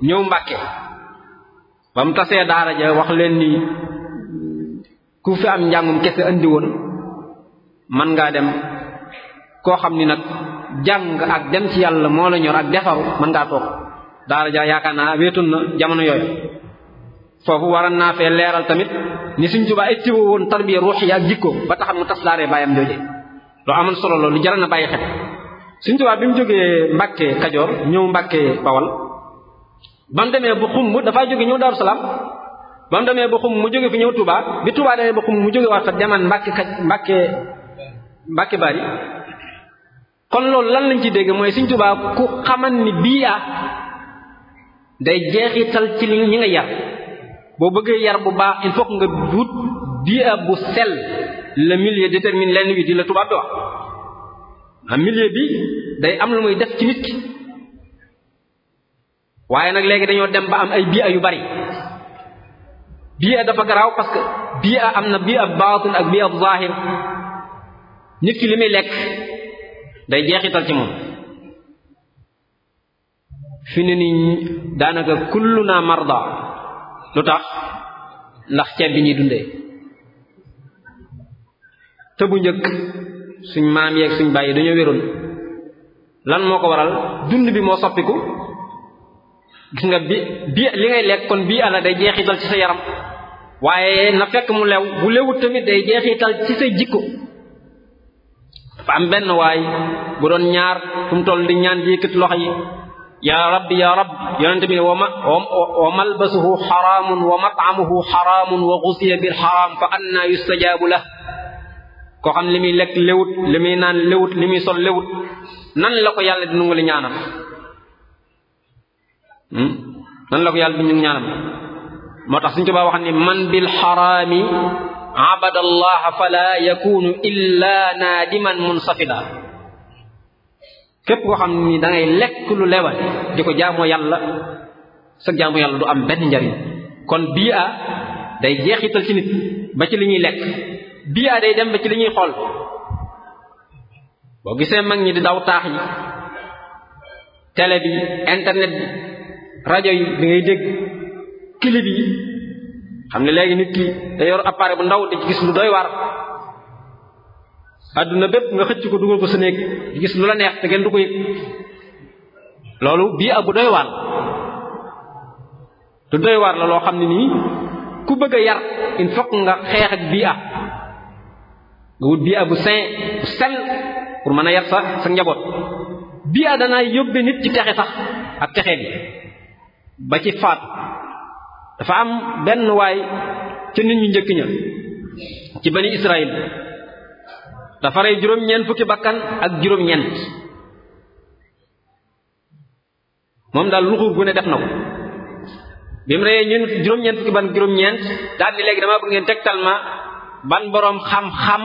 ñëw mbàkke ba mu tasee daara ja wax leen ni ku fi am njàngum kese andi woon man ngaa dem koo xam ni nag jàng ak dem ci yàlla moo la ñor ak defaru mën ngaa toog daara ja yaakaar naa wéetun na jamono yooyu foofu waroon naa fee leeral tamit ni suñ tubaa ittiwoo woon tarbiya ruux yi ak jikko ba taxam mu tas daaree bàyyam jooje lu amoon solo la jar na bàyyi xel suñ tubaa bi mu jógee Mbàkke Kajoor ñëw Mbàkke Bawal ba mu demee ba xumb dafaa jóge ñëw Daaru Salaam ba mu demee ba xumb mu jóge fi ñëw Touba bi Touba demee ba xumb mu jóge waat fa demaan Mbàkke ka Mbàkke Mbàkke Bari kon loolu lan lañ ci dégg mooy Sëriñ Touba ku xaman ni bii yaa day jeexital ci li ñi nga yar boo bëggee yar bu baax il faut nga wut biya bu sell le milieu détermine lenn wi di la tubaab bi wax a milieu bi day am lu muy def ci nit ki waaye nag léegi dañoo dem ba am ay bi'a yu bari bi'a dafa garaaw parce que bi'a am na bii bi'a baatu ak bi'a zahir nit ki li muy lekk day jeexital ci moom fi ne nii daanaka kullu naa marda lu tax ndax ceeb bi ñuy dundee te bu njëkk suñ maam yeeg suñ bàyyi dañoo wéroon lan moo ko waral dund bi moo soppiku gis nga bi bi li ngay lekk kon bii ana day jeexital ci sa yaram waaye na fekk mu lew bu lewut tamit day jeexital ci say jikko dafa am benn waay bu doon ñaar fu mu di ñaan di yëkkati loxo yi yaa rabbi yaa rabbi yonente bi wa ma wa malbasuhu xaraamun wa mat'amuhu xaraamun wa xusiya bil xaraam fa annaa yustajaabu la koo xam li muy lekk lewut li muy naan lewut li sol lewut nan la ko yàlla di nungu li ñaanam Hmm? nan la ko yàlla bi ñu ñaanam moo tax suñ tubaa wax ni man bil xaraami abada allaha fala yakunu illa naadiman munsafida képp koo xam ni da ngay lekk lu lewal di ko jaamoo yàlla sa jaamu yàlla du am benn njariñ kon bii a day jeexital ci nit ba ci li ñuy lekk bii a day dem ba ci li ñuy xool boo gisee mag ñi di daw taax yi télé bi internet bi rajo yi da ngay dégg clip yi xam ne léegi nit ki da yor appareil bu ndaw di ci gis lu doy waar adduna bépp nga xëcc ko dugal ko sa néeg di gis lu la neex te kenn du ko yëg loolu bii ab bu doy waar lu doy waar la loo xam ne nii ku bëgg a yar il faut nga xeex ak bii a nga wut bii a bu sain bu sell pour mën a yar sa sa njaboot bii a danaa yóbbe nit ci texe sax ak texe bi ba ci faatu dafa am benn waay ca nit ñu njëkk ña ci bani Israël dafa rey juróom-ñeent fukki bakkan ak juróom-ñeent moom daal luxu gu ne def na ko bi mu reyee ñun juróom-ñeent fukki ban juróom-ñeent daal di léegi dama bëgg ngeen tegtal ma ban boroom xam-xam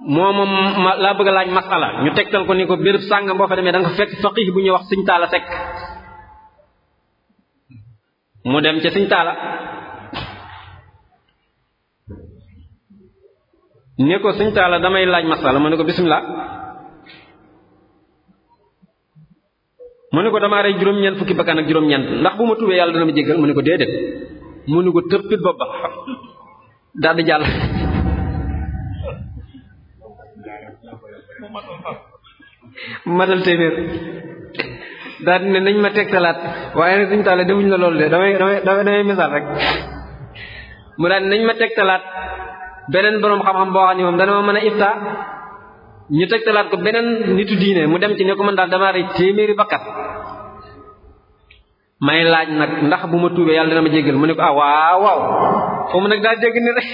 moom ma laa bëgg a laaj masala ñu tegtal ko ni ko béréb sàngam boo fa demee da nga fekk faqih bu ñuy wax sëñ taala sekk mu dem ca sëñ taala ne ko sëñ taala damay laaj masala mu ne ko bismillah mu ne ko damaa rey juróom-ñeent fukki bakkan ak juróom-ñeent ndax bu ma tuubee yàlla dana ma jéggal mu ne ko déedéet mu ne ko tëppit bopp ba jàll matal téeméer daal nañ ma tegtalaat waaye nag suñu taalee defuñ la loolu de damay damay damay rek mu daal nañ ma tegtalaat beneen boroom xam-xam boo xam ne moom dana ma mën a ifta ñu tegtalaat ko beneen nitu diine mu dem ci ne ko man daal damaa rey téeméeri bakkat may laaj nag ndax bu ma tuubee yàlla dana ma jéggal mu ne ko ah waaw waaw foofu nag daal jégg ni rek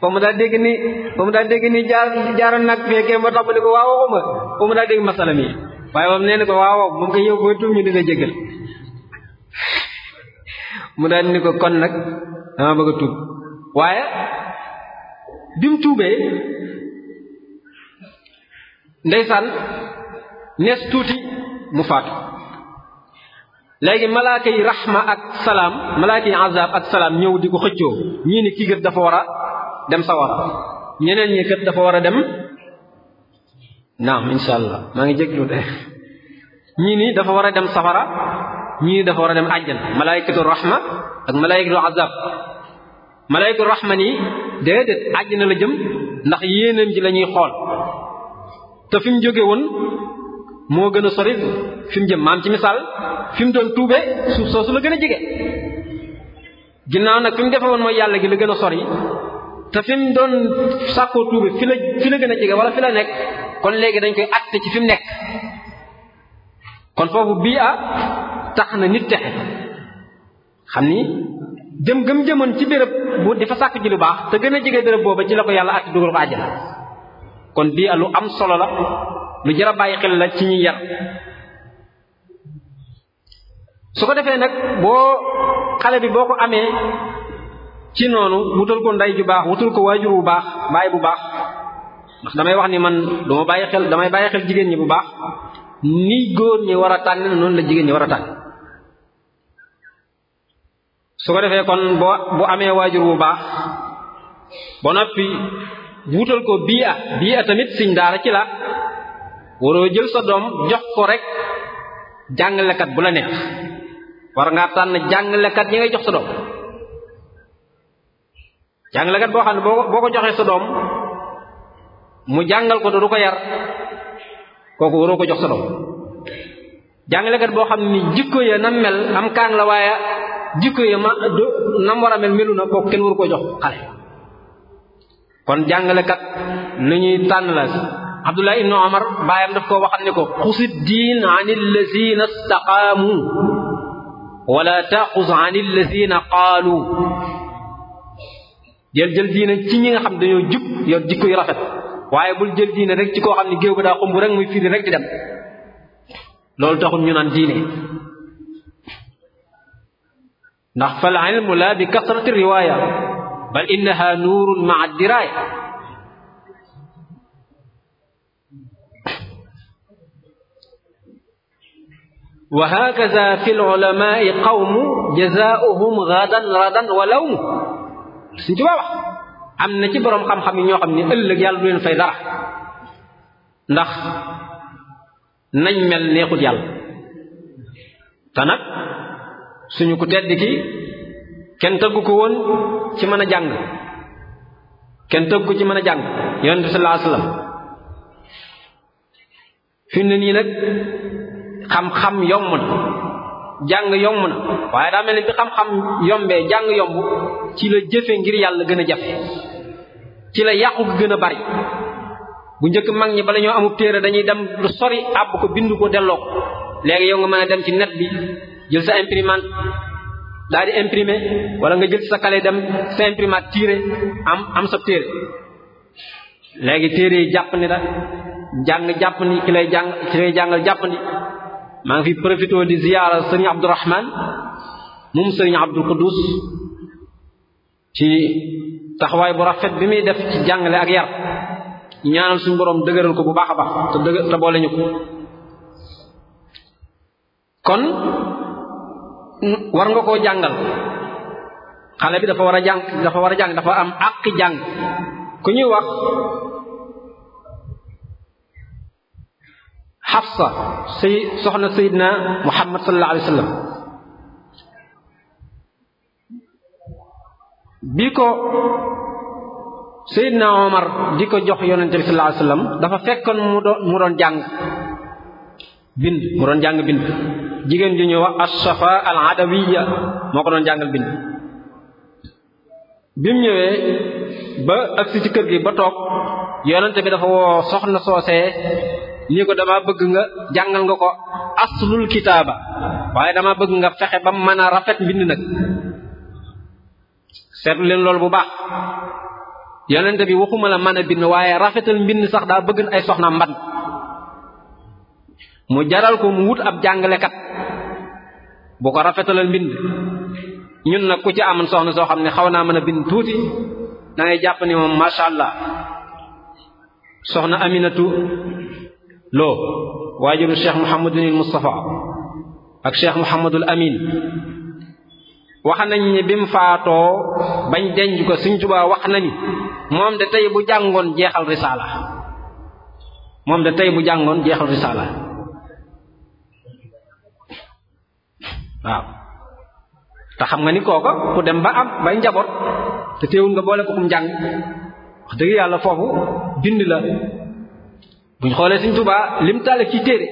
ba mu daal dégg ni ba mu daal dégg ni jaar jaaroon nag fekkee ba tax mu ne ko waaw waxuma ba mu daal dégg masala waaye moom nee na ko waaw moom ko tuub ñu dina jégal mu daal ni ko kon nag dama bëgg a tuub waaye bi mu tuubee ndeysaan nees tuuti mu faatu léegi malaaka yi rahma ak salaam malaaka yi azab ak salaam ñëw di ko xëccoo ñii ni kii kat dafa war a dem sawara ñeneen ñi kat dafa war a dem naam insha allah maa ngi jéglu de ñii ni dafa war a dem safara ñii dafa war a dem àjjan malaayikatu rahma ak malaayikatu azab malaayikatu rahma nii déedéet àjjana la jëm ndax yéeneem ji la ñuy xool te fi mu jóge woon moo gën a sori fi mu jëm maam ci misaal fi mu doon tuube suuf su la gën a jege ginnaaw nag fi mu defe woon mooy yàlla gi la gën a sori te fi mu doon sàkkoo tuube fi la fi la gën a jege wala fi la nekk kon léegi dañ koy àtte ci fi nekk kon foofu bii a tax na nit texe xam ni jëm gëm jëmoon ci béréb bu di fa sàkk ji lu baax te gën a jege béréb booba ci la ko yàlla àtte dugal ko àjjana kon bii a lu am solo la lu jar a bàyyi xel la ci ñuy yar su ko defee nag boo xale bi boo ko amee ci noonu wutal ko ndey ju baax wutal ko waajur wu baax bàyyi bu baax ndax damay wax ni man duma bàyyi xel damay bàyyi xel jigéen ñi bu baax ni góor ñi war a tànn noonu la jigéen ñi war a tànn su ko defee kon boo bu amee waajur bu baax ba noppi wutal ko bii a bii a tamit siñ daara ci la waroo jël sa doom jox ko rek jàngalekat bu la neex war ngaa tànn jàngalekat yi ngay jox sa doom jàngalekat boo xam ne boo boo ko joxee sa doom mu jàngal ko du ko yar kooku waroo ko jox sa doom jàngalekat boo xam ni jikko ya nam mel am kaang la waaye jikko ya ma du nam war a mel melu na kooku kenn waru ko jox xale kon jàngalekat lu ñuy tànn la abdullah ibnu omar baayam daf koo waxal ni ko xus diin an illazina staqaamu wala taxus an illazina qaalu jël jël diine ci ñi nga xam dañoo jub yor jikko yu rafet waaye bul jël diine rek ci koo xam ne géew ga daa xumb rek muy firi rek di dem loolu taxul ñu naan diine ndax fal ilmu la bi kasrati riwaaya bal innaha nuurun maa diraaya وهكذا في العلماء قوم جزاؤهم غدا غدا walaw suñ ci wax am na ci boroom xam-xam yi ñoo xam ne ëllëg yàlla du leen fay dara ndax nañ mel neexut yàlla te suñu ko tedd ki kenn tëggu ko woon ci mën a jàng kenn tëggu ko ci mën a jàng yonent bi sallallahu alayhi wasallam fi ne nii nag xam-xam yomb na jàng yomb na waaye daa mel ne bi xam-xam yombee jàng yomb ci la jëfe ngir yàlla gën a jafe ci la yàqu gën a bari bu njëkk mag ñi bala ñoo amub téere dañuy dem lu sori àbb ko bind ko delloo ko léegi yow nga mën a dem ci net bi jël sa imprimante daal di imprimer wala nga jël sa kale dem sa imprimante tiire am am sa téere léegi téere jàpp ni la jàng jàpp ni ki lay jàng ci lay jàngal jàpp ni maa ngi fi profité di ziyaara sëriñ Abdourahman moom sëriñ Abdul Quddus ci taxawaay bu rafet bi muy def ci jàngale ak yar ñaanal suñu boroom dëgëral ko bu baax a baax te dëgë te boole ñu ko kon war nga koo jàngal xale bi dafa war a jàng dafa war a jàng dafa am àqi jàng ku ñuy wax Xafsa say soxna Seydina Muhammad sallallahu alayhi wa bi ko Seydina Omar di ko jox yonente bi sallallahu dafa fekkoon mu doon jàng bind mu doon jàng bind jigéen ju ñuy wax Assafa al Adawiya moo ko doon jàngal bind bi mu ñëwee ba agsi ci kër gi ba toog yonente bi dafa woo soxna soosee nii ko dama bëgg nga jàngal nga ko aslul kitaaba waaye dama bëgg nga fexe ba mën a rafet mbind nag seetlu leen loolu bu baax yonente bi waxuma la mën a bind waaye rafetal mbind sax daa bëgg ay soxna mban mu jaral ko mu wut ab jàngalekat bu ko rafetalal mbind ñun nag ku ci am soxna soo xam ne xaw naa mën a bind tuuti da jàpp ni moom macha allah soxna Aminatu loo waajuru cheikh Mouhamadul Moustapha ak cheikh Mouhamadul Amin wax nañ ne bi mu faatoo bañ denc ko Sëriñ Tuubaa wax na ni moom de tey bu jàngoon jeexal risaala moom de tey bu jàngoon jeexal risaala waaw te xam nga ni kooka ku dem ba am bay njaboot te teewul nga boole ko kum jàng wax dëgg yàlla foofu bind la. buñ xoolee Sëriñ Tuubaa lim taalif ci téere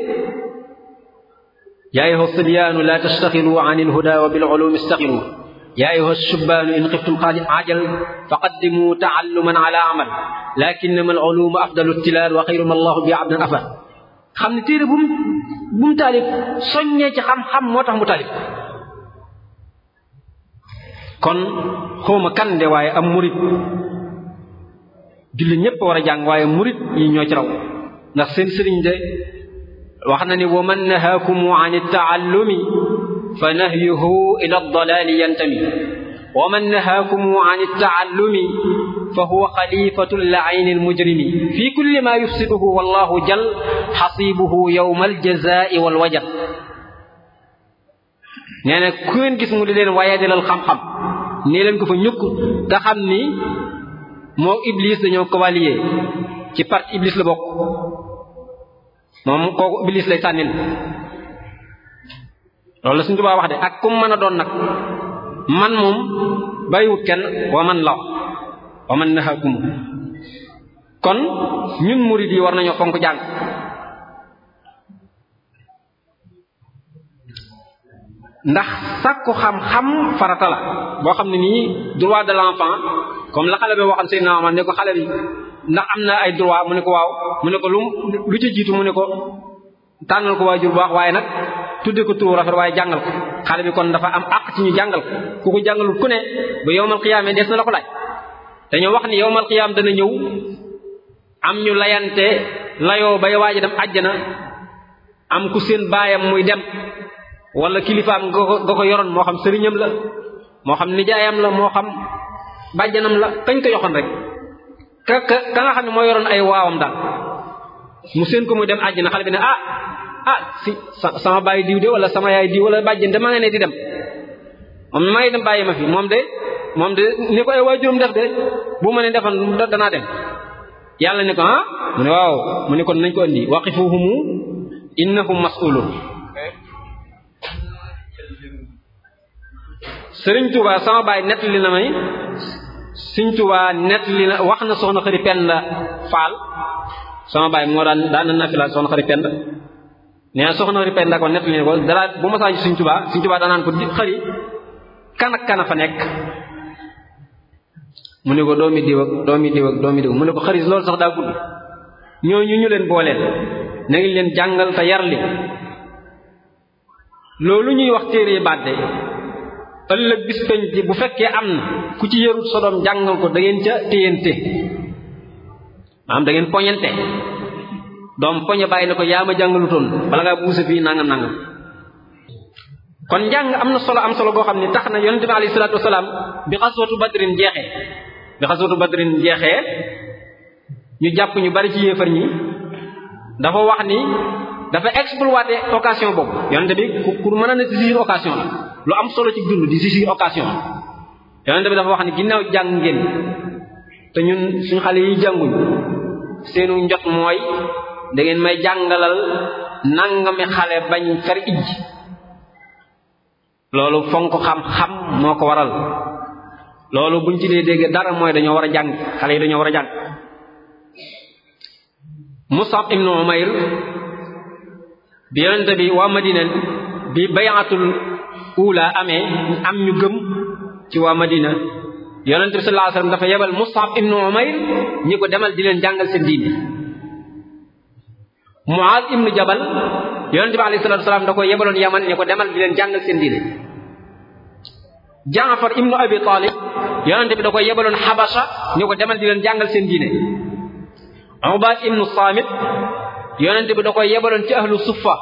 yaa ayyuha sibyaanu laa tastaxilu an ilhuda wa bilulumi istaxilu yaa a shubbaanu in xiftum ajal faqaddimu taalluman ala amal wa xayruma allahu bi abdan afal xam ne téere bu mu bu mu ci xam-xam moo tax mu taalif kon xawma kan waaye am murit jullit ñépp war a jàng waaye murit yi ñoo ci raw ndax seen sëriñ de wax na ni man nahaakumu an ittaallumi fa nahyuhu ila ddalaali yantami wa man nahaakumu an ittaallumi fa huwa xalifatu laaini almujrimi fi kulli ma yufsiduhu wallahu jal xasibuhu yowma aljazaai walwajar nee na ku ngeen gis mu di leen waaye dalal xam-xam nee leen ko fa ñukk te ni moo iblis dañoo ko waliyee ci part iblis la bokk moom kooku iblis lay sànnil loolu la suñu wax de ak kum mën a doon nag man moom bàyyiwut kenn wa man law wa man naxaakum kon ñun murid yi war nañoo fonk jàng ndax sàkku xam-xam farata la boo xam ne nii droit de l'enfant comme la xale bi waxoon Seydina Omar ne ko xale bi ndax am na ay droit mu ne ko waaw mu ne ko lu lu ca jiitu mu ne ko tànnal ko waajur bu baax waaye nag tudde ko turu rafet waaye jàngal ko xale bi kon dafa am àq ci ñu jàngal ko ku ko jàngalul ku ne bu yowmal xiyaamee des na la ko laaj dañoo wax ni yowmal xiyaam dana ñëw am ñu layante layoo bay waaja dem àjjana am ku seen baayam muy dem wala kilifaam nga ko yoroon moo xam sëriñam la moo xam nijaayam la moo xam bàjjanam la kañ ko yoxoon rek ka ka ka nga xam ne moo yoroon ay waawam daal mu seen ko muy dem àjjana xale bi ne ah ah si sama baay diw de wala sama yaay diw wala bàjjen de ma nga ne di dem moom ma ngay dem bàyyi ma fi moom de moom de ni ko ay waajuram def de bu ma ne defoon danaa dem yàlla ne ko ah mu ne waaw mu ne kon nañ ko andi waqifuhumu innahum mas'ulun Sëriñ Tuubaa sama baay nettali na may Sëriñ Tuubaa nett li na wax na soxna xëri pend faal sama baay moo daan daan na laa soxna xëri pend nee na soxna xëri pend ko nett li ne ko dara bu ma saa ji Sëriñ Tuubaa Sëriñ Tuubaa danaan ko di xëri kan a fa nekk mu ne ko doomi diw ak doomi diw ak doomi diw mu ne ko xëri loolu sax daa gudd ñooñu ñu leen booleel na ngi leen jàngal te yar li loolu ñuy wax téere bàdde ëllëg bis penc bu fekkee am na ku ci yarut sa doom jàngal ko da ngeen ca téyante maanaam da ngeen poñante doom poñe bàyyi na ko yaa ma jàngalutoon bala ngaa buuse fii nangam nangam kon njàng am na solo am solo goo xam ne tax na yonente bi alayhi salaatu wasalaam bi xaswatu badrin jeexee bi xaswatu badrin jeexee ñu jàpp ñu bari ci yéefar ñi dafa wax ni dafa exploité occasion boobu yonente bi pour mën a ne saisir occasion la lu am solo ci dund di saisir occasion yonente bi dafa wax ni ginnaaw jàng ngeen te ñun suñu xale yi jànguñ seenu njot mooy dangeen may jàngalal nangami xale bañ kar ij loolu fonk xam-xam moo ko waral loolu buñ ci dee dégg dara mooy dañoo war a jàng xale yi dañoo war a jàng Musab ibnu Umayr bi yonente bi waa Madina bi bayatul uula amee am ñu gëm ci waa Madina yonent bi dafa yebal Mus'ab ibnu Umayr ñi ko demal di leen jàngal seen diine Muaz ibnu Jabal yonent bi alayhi salatu da ko yebaloon Yaman ñi ko demal di leen jàngal seen diine Jaafar ibnu Abi Talib yonent bi da ko Habasha ñi ko demal di leen jàngal seen diine Ubaad ibnu Samit yonent bi da ko ci ahlu suffa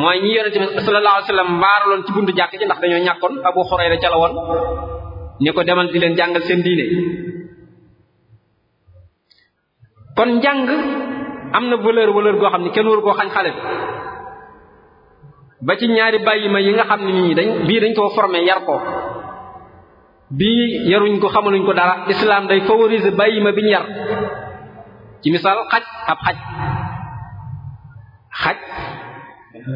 mooy ñi yonente bi sallallahu alayhi wasallam mbaaraloon ci buntu jàkk ci ndax dañoo ñàkkoon Abu Hurayra ca la woon ni ko demal di leen jàngal seen diine kon njàng am na valeur valeur goo xam ne kenn waru koo xañ xale bi ba ci ñaari bàyyi ma yi nga xam ne nii dañ bii dañ koo formé yar ko bii yaruñ ko xamaluñ ko dara islam day favoriser bàyyi ma biñ yar ci misaal xaj ab xaj xaj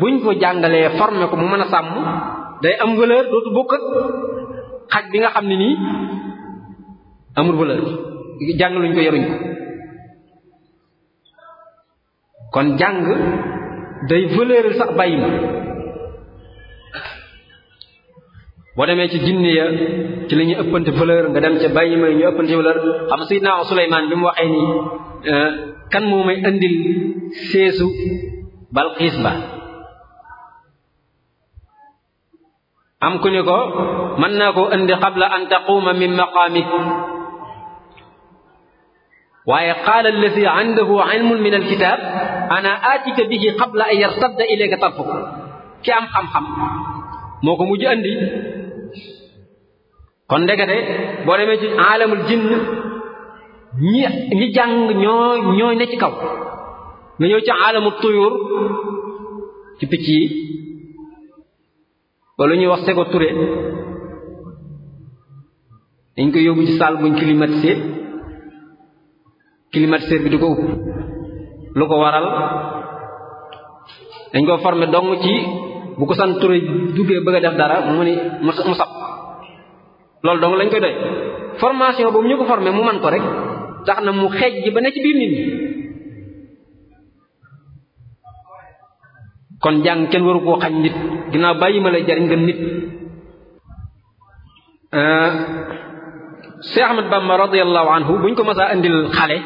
buñ ko jàngalee formé ko mu mën a sàmm day am valeur dootu bokk ak xaj bi nga xam ne nii amul jàng luñ ko yaruñ ko kon jàng day valeur sax bàyyi ma boo demee ci jinne ya ci la ñuy ëppante valeur nga dem ca bàyyi ma ñu ëppante valeur xam nga Sayyidina Suleymaan bi mu waxee nii euh, kan moo may andil seesu Balqiis ba am ku ni ko mën naa koo indi qabla an taquuma min maqaamik waaye qaala alladi indahu ilmun min alkitab qabla an yartadda ilayka tarfuk ki am xam-xam moo ko mujj andi kon ndekete boo demee ci aalamul jinn ñi ñi jàng ñooy ne ci kaw nga ñëw ci aalamul tuyur ci picc yi ba lu ñuy wax Ségo Touré dañ ko yóbbu ci salle buñ climatisé climatiseur bi di ko upp lu ko waral dañ koo formé dong ci bu ko sant Touré duggee bëgg a def dara mu ni mu sab loolu dong lañ koy doy formation boobu ñu ko formé mu man ko rek tax na mu xeej ba ne ci biir nit ñi kon jàng kenn waru koo xañ nit ginaaw bàyyi ma lay jariñ nga nit euh, Cheikh Ahmad Bamba radiallahu anhu buñ ko mësaa indil xale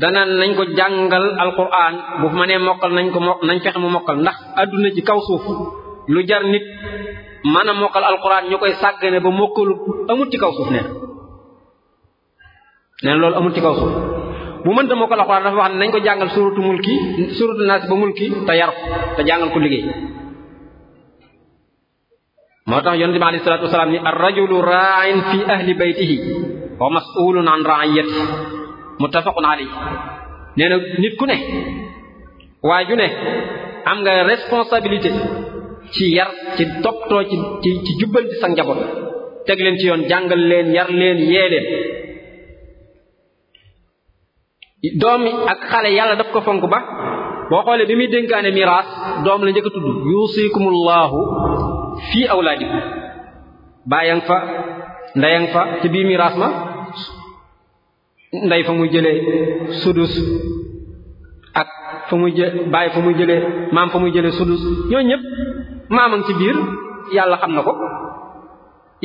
danaan nañ ko jàngal alquran bu ma nee mokkal nañ ko mo nañ fexe mu mokkal ndax adduna ci kaw suuf lu jar nit mën a mokkal alquran ñu koy sàggane ba mokkalu amut ci kaw suuf nee na loolu amut ci kaw suuf bu mënta moo ko la Alxuraan dafa wax ne nañ ko jàngal suratu mulki suratu naas ba mulki te yar ko jàngal ko liggéey moo tax yonent bi alayhi salaatu wasalaam ni ar rajulu ra'in fi ahli baytihi wa mas'ulun an ra'iyati muttafaqun alayhi nee na nit ku ne waaye ju ne am nga responsabilité ci yar ci toppatoo ci ci ci jubbanti sa njaboot teg leen ci yoon jàngal leen yar leen yee doom ak xale yàlla daf ko fonk ba boo xoolee bi muy dénkaane miraas doom la njëkk a tudd yuusikumullahu fii awlaadikum bàyyan fa ndayan fa ci biir miraas ma ndey fa mu jëlee sudus ak fa muy jë bàyyi fa muy jëlee maam fa muy jëlee sudus ñooñu ñëpp maamam ci biir yàlla xam na ko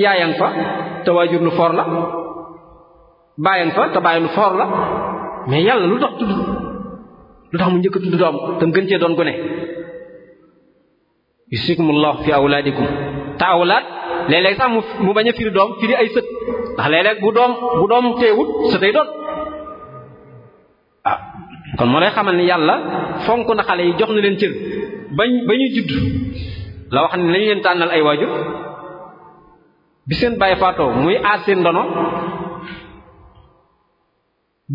yaayan fa te waajur lu foor la bàyyan fa te lu foor la mais yàlla lu tax tudd lu tax mu njëkk a tudd doom te mu gën cee doon gone yusikumullahu fi awlaadikum te awlaad léeg-léeg sax mu bañ a firi doom firi ay sët ndax léeg bu doom bu doom teewut sëtay doon ah kon moo lay xamal ni yàlla fonk na xale yi jox na leen cër bañ ba ñuy judd la wax ne lañu leen tànnal ay waajur bi seen bàyyi faatoo muy aar seen ndono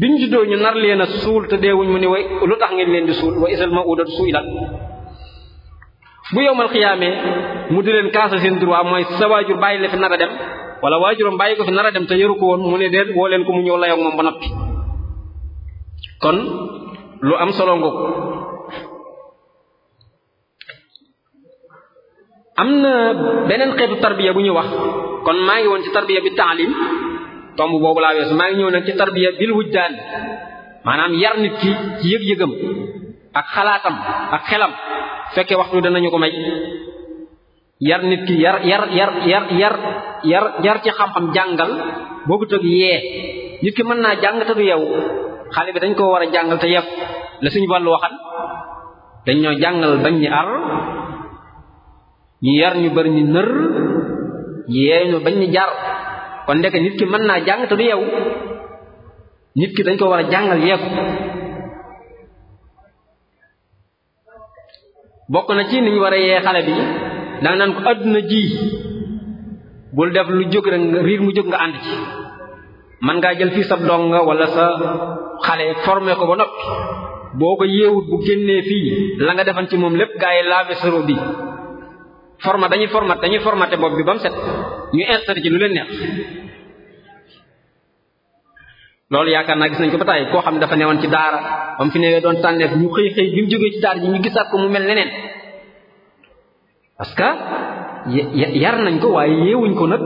biñ juddoo ñu nar leen a suul te deewuñ mu ni way lu tax ngeen leen di suul wa isal ma udatu su ilat bu yowmal xiyaamee mu di leen kaasa seen droit mooy sa waajur bàyyi la fi nar a dem wala waajuram bàyyi ko fi nar a dem te yëru ko woon mu ne dee woo leen ko mu ñëw layoog moom ba noppi kon lu am solo nga ko am na beneen xeetu tarbiya bu ñuy wax kon maa ngi woon ci tarbiya bi taalim tomb boobu laa weesu maa ngi ñëw nag ci tarbiya bil wujdaan maanaam yar nit ki ci yëg-yëgam ak xalaatam ak xelam fekkee waxtu danañu ko may yar nit ki yar yar yar yar yar yar yar ci xam-xam jàngal boobu tëg yee nit ki mën naa jàng te du yow xale bi dañ koo war a jàngal te yef la suñu wàllu waxan dañ ñoo jàngal bañ ni ar ñu yar ñu bañ ni jar kon ndeke nit ki mën naa jàng te du yeewu nit ki dañ ko war a jàngal yeeku bokk na ci niñ war a yee xale bi danga naan ko àdduna ji bul def lu jóg rek riir mu jóg nga ànd ci man ngaa jël fii sa dong wala sa xale formé ko ba noppi boo ko yeewut bu génnee fii la nga defan ci moom lépp gaay yi lavé sero bi format dañuy format dañuy formaté bopp bi ba mu set ñu installé ci lu leen neex loolu yaakaar naa gis nañ ko ba tàyyi koo xam ne dafa ne woon ci daara ba mu fi newee doon tànneef ñu xëy xëy bi mu jógee ci daara ji ñu gisaat ko mu mel neneen parce que yar nañ ko waaye yeewuñ ko nag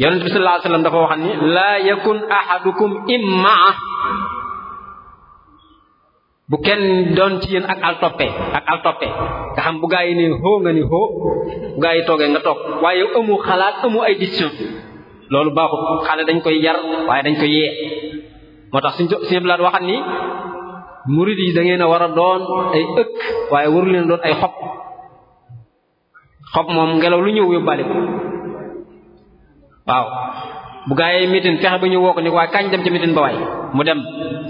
yonent bi sallallahu alayhi wasallam dafa waxan ni laa yakun ahadukum immaa bu kenn doon ci yéen ak al toppe ak al toppe nga xam bu gaa yi ne hoo nga ni hoo bu yi toogee nga toog waaye amu xalaat amu ay décision loolu baaxut xale dañ koy yar waaye dañ koy yee moo tax suñ suñu laat waxat ni murid yi da ngeen a war a doon ay ëkk waaye waru leen doon ay xob xob moom ngelaw lu ñëw yóbbaale ko waaw bu yi mitin fexe ba ñu woo ko ni waaye kañ dem ci mitin ba waay mu dem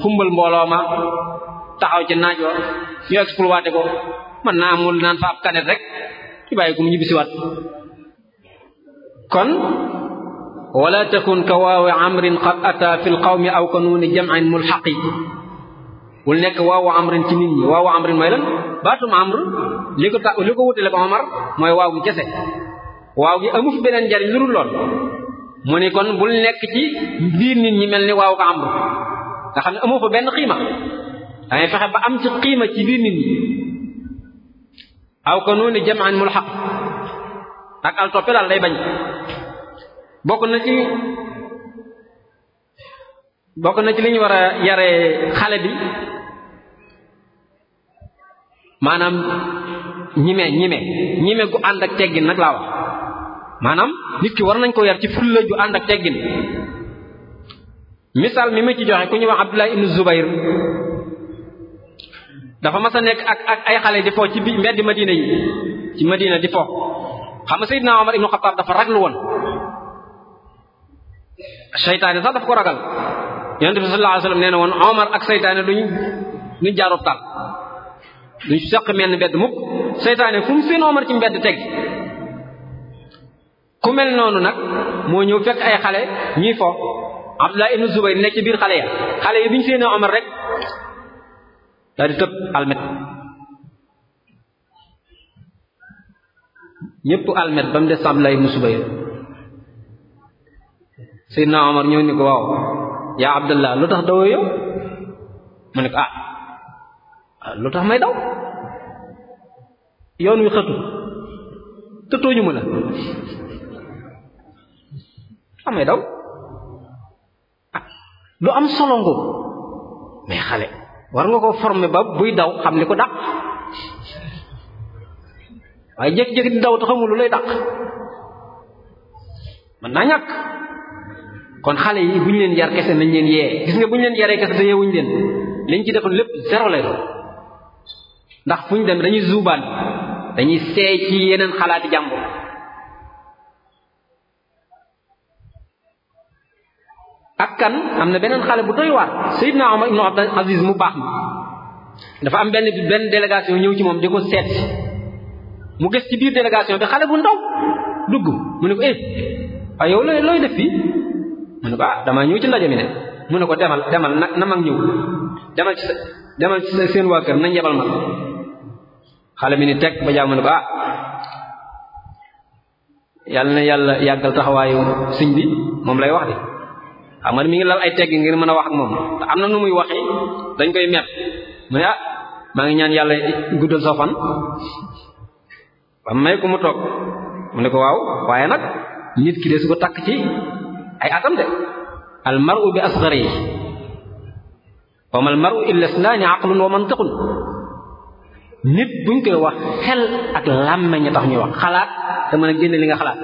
xumbal mbooloo ma taxaw ci naaj wa ñu exploité ko mën naa amul naan fa kanet rek ñu bàyyi ko mu ñibbisiwaat kon wala takun ka waawi amrin qad ata fi lqawmi aw ka nuuni jam'in mulxaqi bul nekk waaw amrin ci nit ñi waawu amrin mooy lan baatum amr li ko ta li ko wutale ko Omar mooy waaw gi kese waaw gi amu fi beneen njariñ lu dul lool mu ni kon bul nekk ci biir nit ñi mel ni waaw ko amr nga xam ne fa benn xiima da fexe ba am ci qiima ci biir nit ñi aw ko noonu jamaan mulxaq ak al toppe daal day bañ bokk na ci bokk war a yare xale bi maanaam ñime ñime ñime gu ànd ak teggin nag laa wax maanaam nit ki war nañ ko yar ci fulla ju ànd ak teggin misaal mi ma ci joxe ku ñu wax Abdullah ibnu Zubayr dafa mas a nekk ak ak ay xale di fo ci bi mbeddi madina yi ci madina di fo xam nga Seydina Omar ibnu Xattaab dafa raglu woon seytaane sax dafa ko ragal yonent bi sallallahu alayhi wasallam nee na woon Omar ak seytaane duñ duñ jaarub taal duñ seq mel ni mbedd mukk seytaane fu mu seen noonu nag moo ñëw fekk ay xale ñuy fo Abdullah ibnu Zubayr nekk ci biir xale ya xale yi biñ seen Omar rek daal di tëb almet ñëpp almet ba mu des Ablaye mu Subayr Seydina Omar ñëw ni ko waaw yaa Abdallah lu tax dawoo yow mu ne ko ah, ah lu tax may daw yoon wi xëtu te tooñu ma la amay ah, daw ah lu am solo mais xale. war nga ko former ba buy daw xam li ko dàq waaye jékki-jékki di daw te xamul lu lay dàq mën naa ñàkk kon xale yi bu ñu leen yar kese nañ leen yee gis nga bu ñu leen yaree kese te yeewuñu leen liñ ci defoon lépp zéro lay ndax fu ñu dem dañuy suubaan dañuy seey ci yeneen xalaati jàmbur ak kan am na beneen xale bu doy waar Seydina Omar ibnu Abdul Aziz mu baax ma dafa am benn benn délégation ñëw ci moom di ko seet mu gis ci biir délégation bi xale bu ndaw dugg mu ne ko eh waaye ah, yow looy looy def fii mu ne ko ah, damaa ñëw ci ndaje mi ne mu ne ko demal demal na na mag ñëw demal ci demal ci seen waa na nañ yebal ma xale mi ni teg ba jàmm mu ne ko ah yàlla na yàlla yàggal taxawaayu sëñ bi moom lay wax xam nga mi ngi lal ay tegg ngir mën a wax ak moom te am na nu muy waxee dañ koy met mu ne ah maa ngi ñaan yàlla guddal sa fan ba may ko mu toog mu ne ko waaw waaye nag nit ki de su ko takk ci ay atam de al mar'u bi asghari wa mal mar'u illa isnaani aqlun wa mantiqun nit buñ koy wax xel ak làmmeñ a tax ñuy wax xalaat te mën a génne li nga xalaat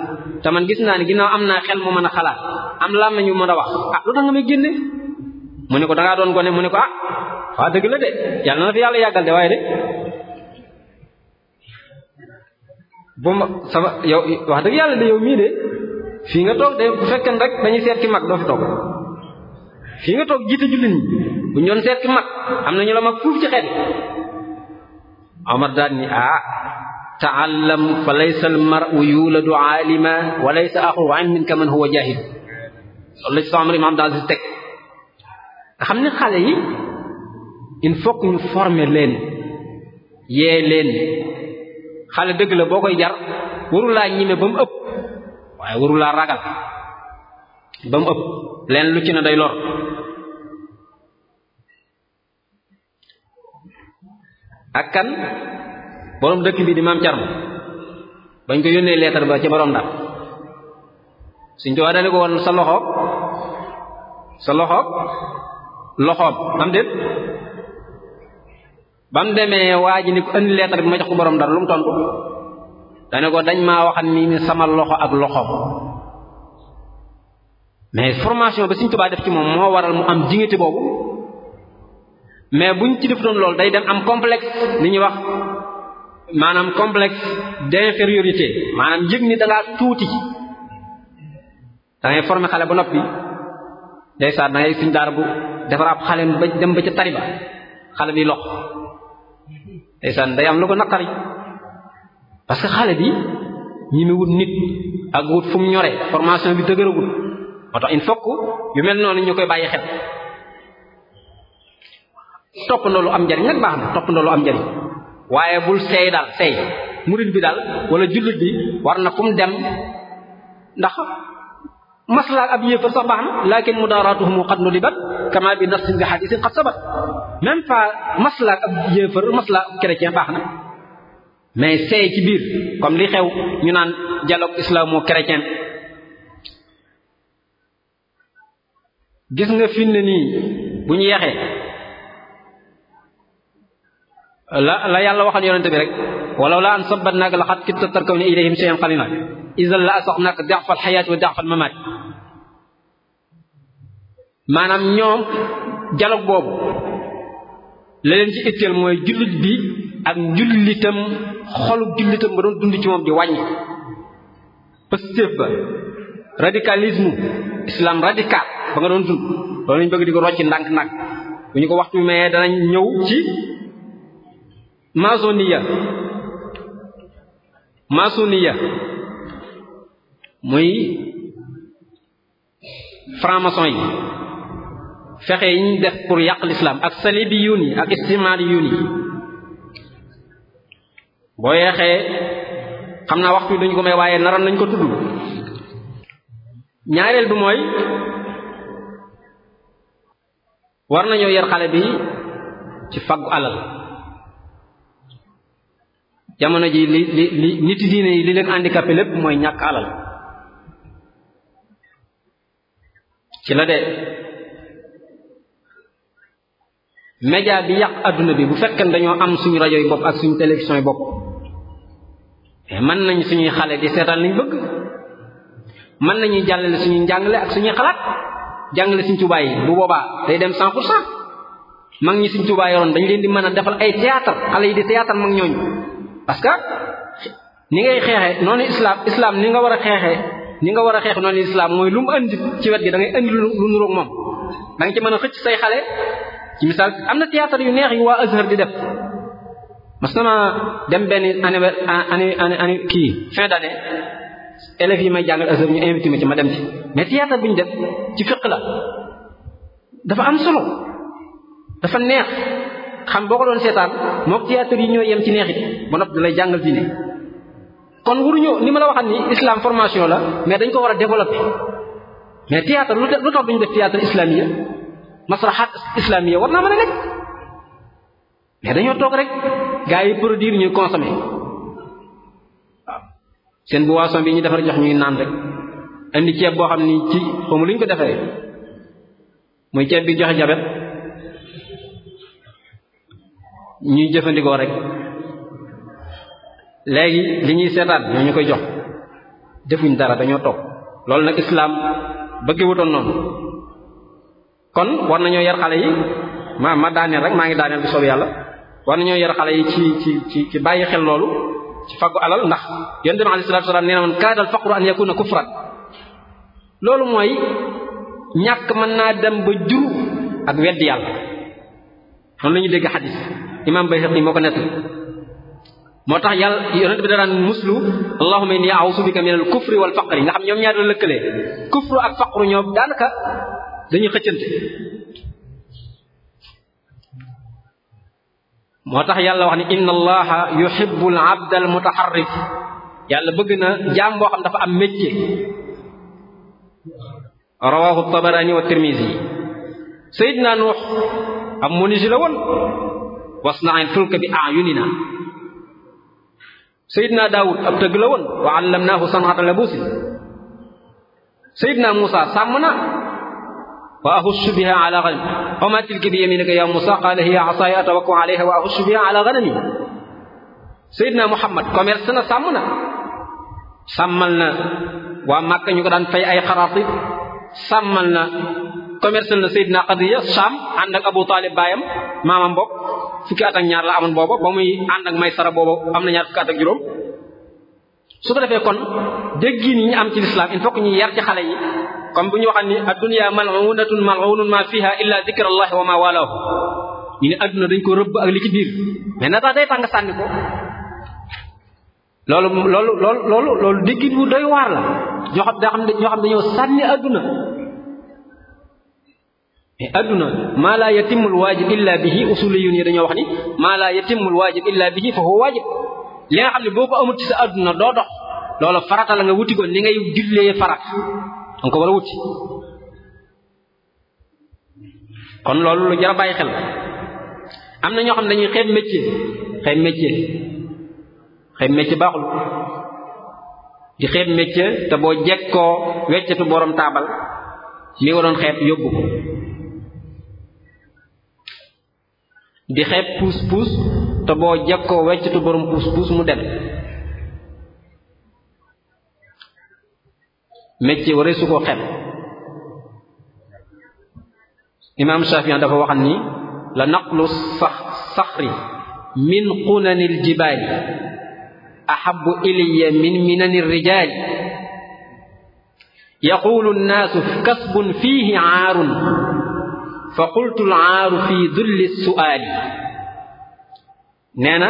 te man gis naa ne ginnaaw am naa xel mu mën a xalaat am làmmeñ mu mën a wax ah lu tax nga may génne mu ne ko dangaa doon gone mu ne ko ah waa dëgg la de yàlla na yàlla yàggal de waaye de ma sama yow wax dëgg yàlla de mii de fii nga toog de bu fekkee rek dañuy seet ki mag doo fi toog fii nga toog jiite jullit ñi bu ñu doon seet ki mag am na ñu la mag fuuf ci xeet Omar daal ni ah taallam fa laysa almaru yuladu aalima wa laysa axu ilmin ka man huwa jahil xam ne xale yi il faut ñu former leen yee leen xale dëgg la boo koy jar warulaa ñime ba mu ëpp waaye warulaa ragal ba ëpp leen lu ci day lor ak kan boroom dëkk bi di maam Cerno bañ ko yónnee leetar ba ci boroom Ndar suñ tubaa dani ko woon sa loxoog sa loxoog loxoom am déet ba demee waa ji ni ko indi leetar bi ma jox ko boroom Ndar lu mu tontu dani ko dañ maa waxan ni ni sama loxo ak loxoom mais formation ba suñ tubaa def ci moom moo waral mu am dignité boobu mais buñ ci defutoon loolu day dem am complexe li ñuy wax maanaam complexe d'infériorité maanaam yëg ni da ngaa tuuti da ngay former xale ba noppi ndeysaan da ngay suñ daara bu defar ab xale ba dem ba ca tari ba xale bi lox ndeysaan day am lu ko naqari parce que xale bi ñi mi wut nit ak wut fu mu ñoree formation bi dëgërëwul moo tax il faut yu mel noonu ñu koy bàyyi xel topp toppandoo lu am njariñ nag baax na topp toppandoo lu am njariñ waaye bul seey daal seey murid bi daal wala jullit bi war na kum dem ndax maslaak ab yéefar sax baax na laakin mudaaraatuhum qad nudibat kama bi nassin bi hadisin qad sabat même pas maslaak ab yéefar maslaak ab baax na mais seey ci biir comme li xew ñu naan dialogue islamo-chrétien gis nga fi ne nii bu ñu yeexee la la yàlla waxal yonente bi rek walaw la an sabbatnaaka laqad kunta tarkanu ilayhim shay'an qalila idan la asoxnaaka da'fa alxayaati wa da'fa almamaat maanaam ñoom dialogue boobu la leen ci itteel mooy jullit bi ak njullitam xolu jullitam ba doon dund ci moom di wàññi pëstéef ba radicalisme islam radical ba nga doon dund loolu lañ bëgg di ko rocc ndànk-ndànk bu ñu ko waxtu mayee danañ ñëw ci mason maçonniya muy franc-maçon yi fexe yi ñu def pour yàq lislaam ak salibi yuun yi ak istimaali yuun yi boo yeexee xam naa waxtu duñ ko may waaye naroon nañ ko tudd ñaareel bi mooy war nañoo yar xale bi ci faggu alal jamono ji li li li nit diine yi li leen handicapé lépp mooy ñàkk alal ci la de média bi yàq adduna bi bu fekkee dañoo am suñu rajo yi bopp ak suñu télévision yi bopp mais eh, mën nañ suñuy xale di seetaan lañ bëgg mën nañuy jàllale suñuy njàngale ak suñuy xalaat jàngale suñ tubaay yi bu boobaa day dem cent pour cent mag ñi suñ tubaay yoroon dañ leen di mën a defal ay théâtre xale yi di théâtre mag ñooñu parce que ni ngay xeexee noonu islam islaam ni nga war a xeexee ni nga war a xeex noonu islam mooy lu mu andi ci wet gi da ngay andi lu nuroog moom da nga ci mën a xëcc say xale ci misaal am na théâtre yu neex yu waa Azhar di def mas nama dem benn année année année kii fin d'année yi may jàngal Azhar ñu invité ma ci ma dem ci mais théâtre bi ñu def ci fiq la dafa am solo dafa neex xam boo ko doon seetaan moo théâtre yi ñoo yem ci neexit ba noppi da lay jàngal diine kon waruñu ni ma la waxal ni islam formation la mais dañ ko war a développer mais théâtre lu tax duñ def théâtre islamiya masrahat islamiya war naa mën a nekk mais dañoo toog rek gars yi produire ñuy consommer waaw seen boisson bi ñu defar jox ñuy naan rek indi ceeb boo xam ni ci xamu lu ko defee muy ceeb bi joxe jabet ñuy jëfandikoo rek léegi li ñuy seetaan ñoo ñu koy jox defuñ dara dañoo toog loolu nag islaam bëggewutoon noonu kon war nañoo yar xale yi ma ma daaneel rek maa ngi daaneel bu soob yàlla war nañoo yar xale yi ci ci ci bàyyi xel loolu ci faggu alal ndax yonent bi alayhi salaatu nee na woon kaadal faqru an yakuna kufran loolu mooy ñàkk mën naa dem ba jur ak weddi yàlla noonu lañuy ñuy dégg xadis imaam Bayhaqi moo moo tax yàlla yonent bi daraan muslu allahumma inni a'udhu bika min al kufri wal faqri nga xam ñoom ñaar la lëkkalee kufru ak faqru ñoom daanaka dañuy xëccante moo tax yàlla wax ni inna allaha yuhibbu al abda al yàlla bëgg na jaam boo xam dafa am métier rawahu tabarani wa tirmizi yi nuux am menuisier la woon wasna'il fulka bi a'yunina Seydina Daawud ab tëgg la woon wa allamnaahu san'ata labuusin Seydina Muusa sàmm na wa ahussu biha ala ganami wa ma tilka bi yaminika ya Muusa qaala hiya asaaya atawakku alayha wa ahussu biha ala ganami Seydina Muhammad commerce na sàmm na sàmmal na waa Màkka ñu ko daan fay ay xaraatib sàmmal na commerce na Seydina Xadiija Saam ànd ak Abu Taalib baayam maamam bopp fukki at ak ñaar la amoon booba ba muy ànd ak may sara booba am na ñaar fukki at juróom su ko defee kon déggiin yi ñu am ci lislaam il faut que ñu yar ci xale yi comme bu ñu waxan ni addunya mal'unatun mal'unun ma fiha illa dhikrullahi wa ma walahu ñu ne àdduna dañ ko rëbb ak li ci biir mais na tax day tàng sànni ko loolu loolu loolu loolu loolu déggin bu doy waar la ñoo xam daa ñoo xam dañoo sànni àdduna àdduna e, adduna maa laa yatimul waajib illa bihi usuliyun yi dañoo wax ni maa laa yatimul waajib illa bihi fa huwa waajib li nga xam ne boo ko amut ci sa adduna doo dox loola farata la nga wuti ko ni ngay jullee farata danga ko war a wuti kon loolu lu jar bàyyi xel am na ñoo xam ne dañuy xeeb métier xeeb métier xeeb métier baaxul di xeeb métier te boo jekkoo weccatu borom taabal li waroon xeeb yóbbu di xeeb puus puus te boo jekkoo weccatu borom puus puus mu dem métier waree su ko xeeb imaam Shafian dafa waxal ni la naqlu sax saxri min qunanil jibaali ahabu iliya min minani rijaali yaqulu nnaasu kasbun fiihi aarun fa qultu laaru fii dulli suaali nee na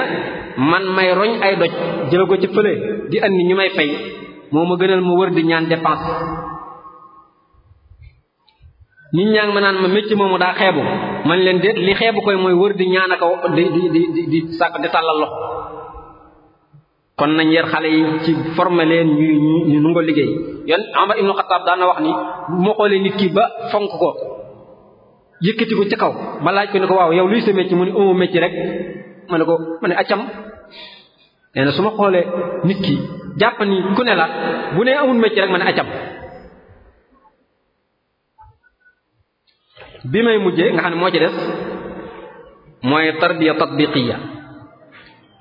man may roñ ay doj jëla ko ci fële di andi ñu may fay moo ma gënal ma wër di ñaan dépense ñun ñaa ma naan ma mécc moomu daa xeebu man leen déet xeebu koy mooy wër di ñaan aka di di di di sàkk di tàllal kon nañ yar xale yi ci formé leen ñu ñu liggéey yon Omar ibnu Xattaab daana wax ni bu ma xoolee nit kii ba fonk ko yëkkati ci ca kaw ma laaj ko ne ko waaw yow luy sa métier mu ne amoo oh, métier rek ma ne ko ma ne acam nee na su ma xoolee nit ki jàpp ni ku ne la bu nee amul métier rek ma ne acam bi may mujje nga xam ne moo ci des mooy tarbiya tatbiqiya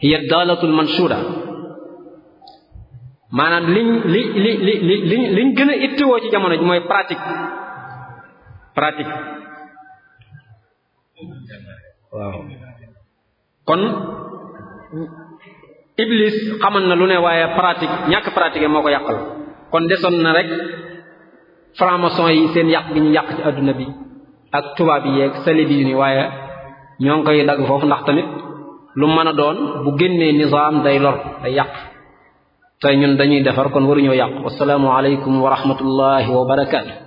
hiya daalatul manshura maanaam liñ li li li li liñ gën a ittewoo ci jamono mooy pratique pratique waaw kon iblis xaman na lu ne waaye pratique ñàkk pratique moo ko yàqal kon desoon na rek franc-maçon yi seen yàq gi ñu yàq ci àdduna bi ak tubaab yi yeeg salibi yu ni waaye ñoo ngi koy dagg foofu ndax tamit lu mën a doon bu génnee nizaam day lor day yàq te ñun dañuy defar kon waruñoo yàq wasalaamu aleykum wa rahmatullahi wa barakaatu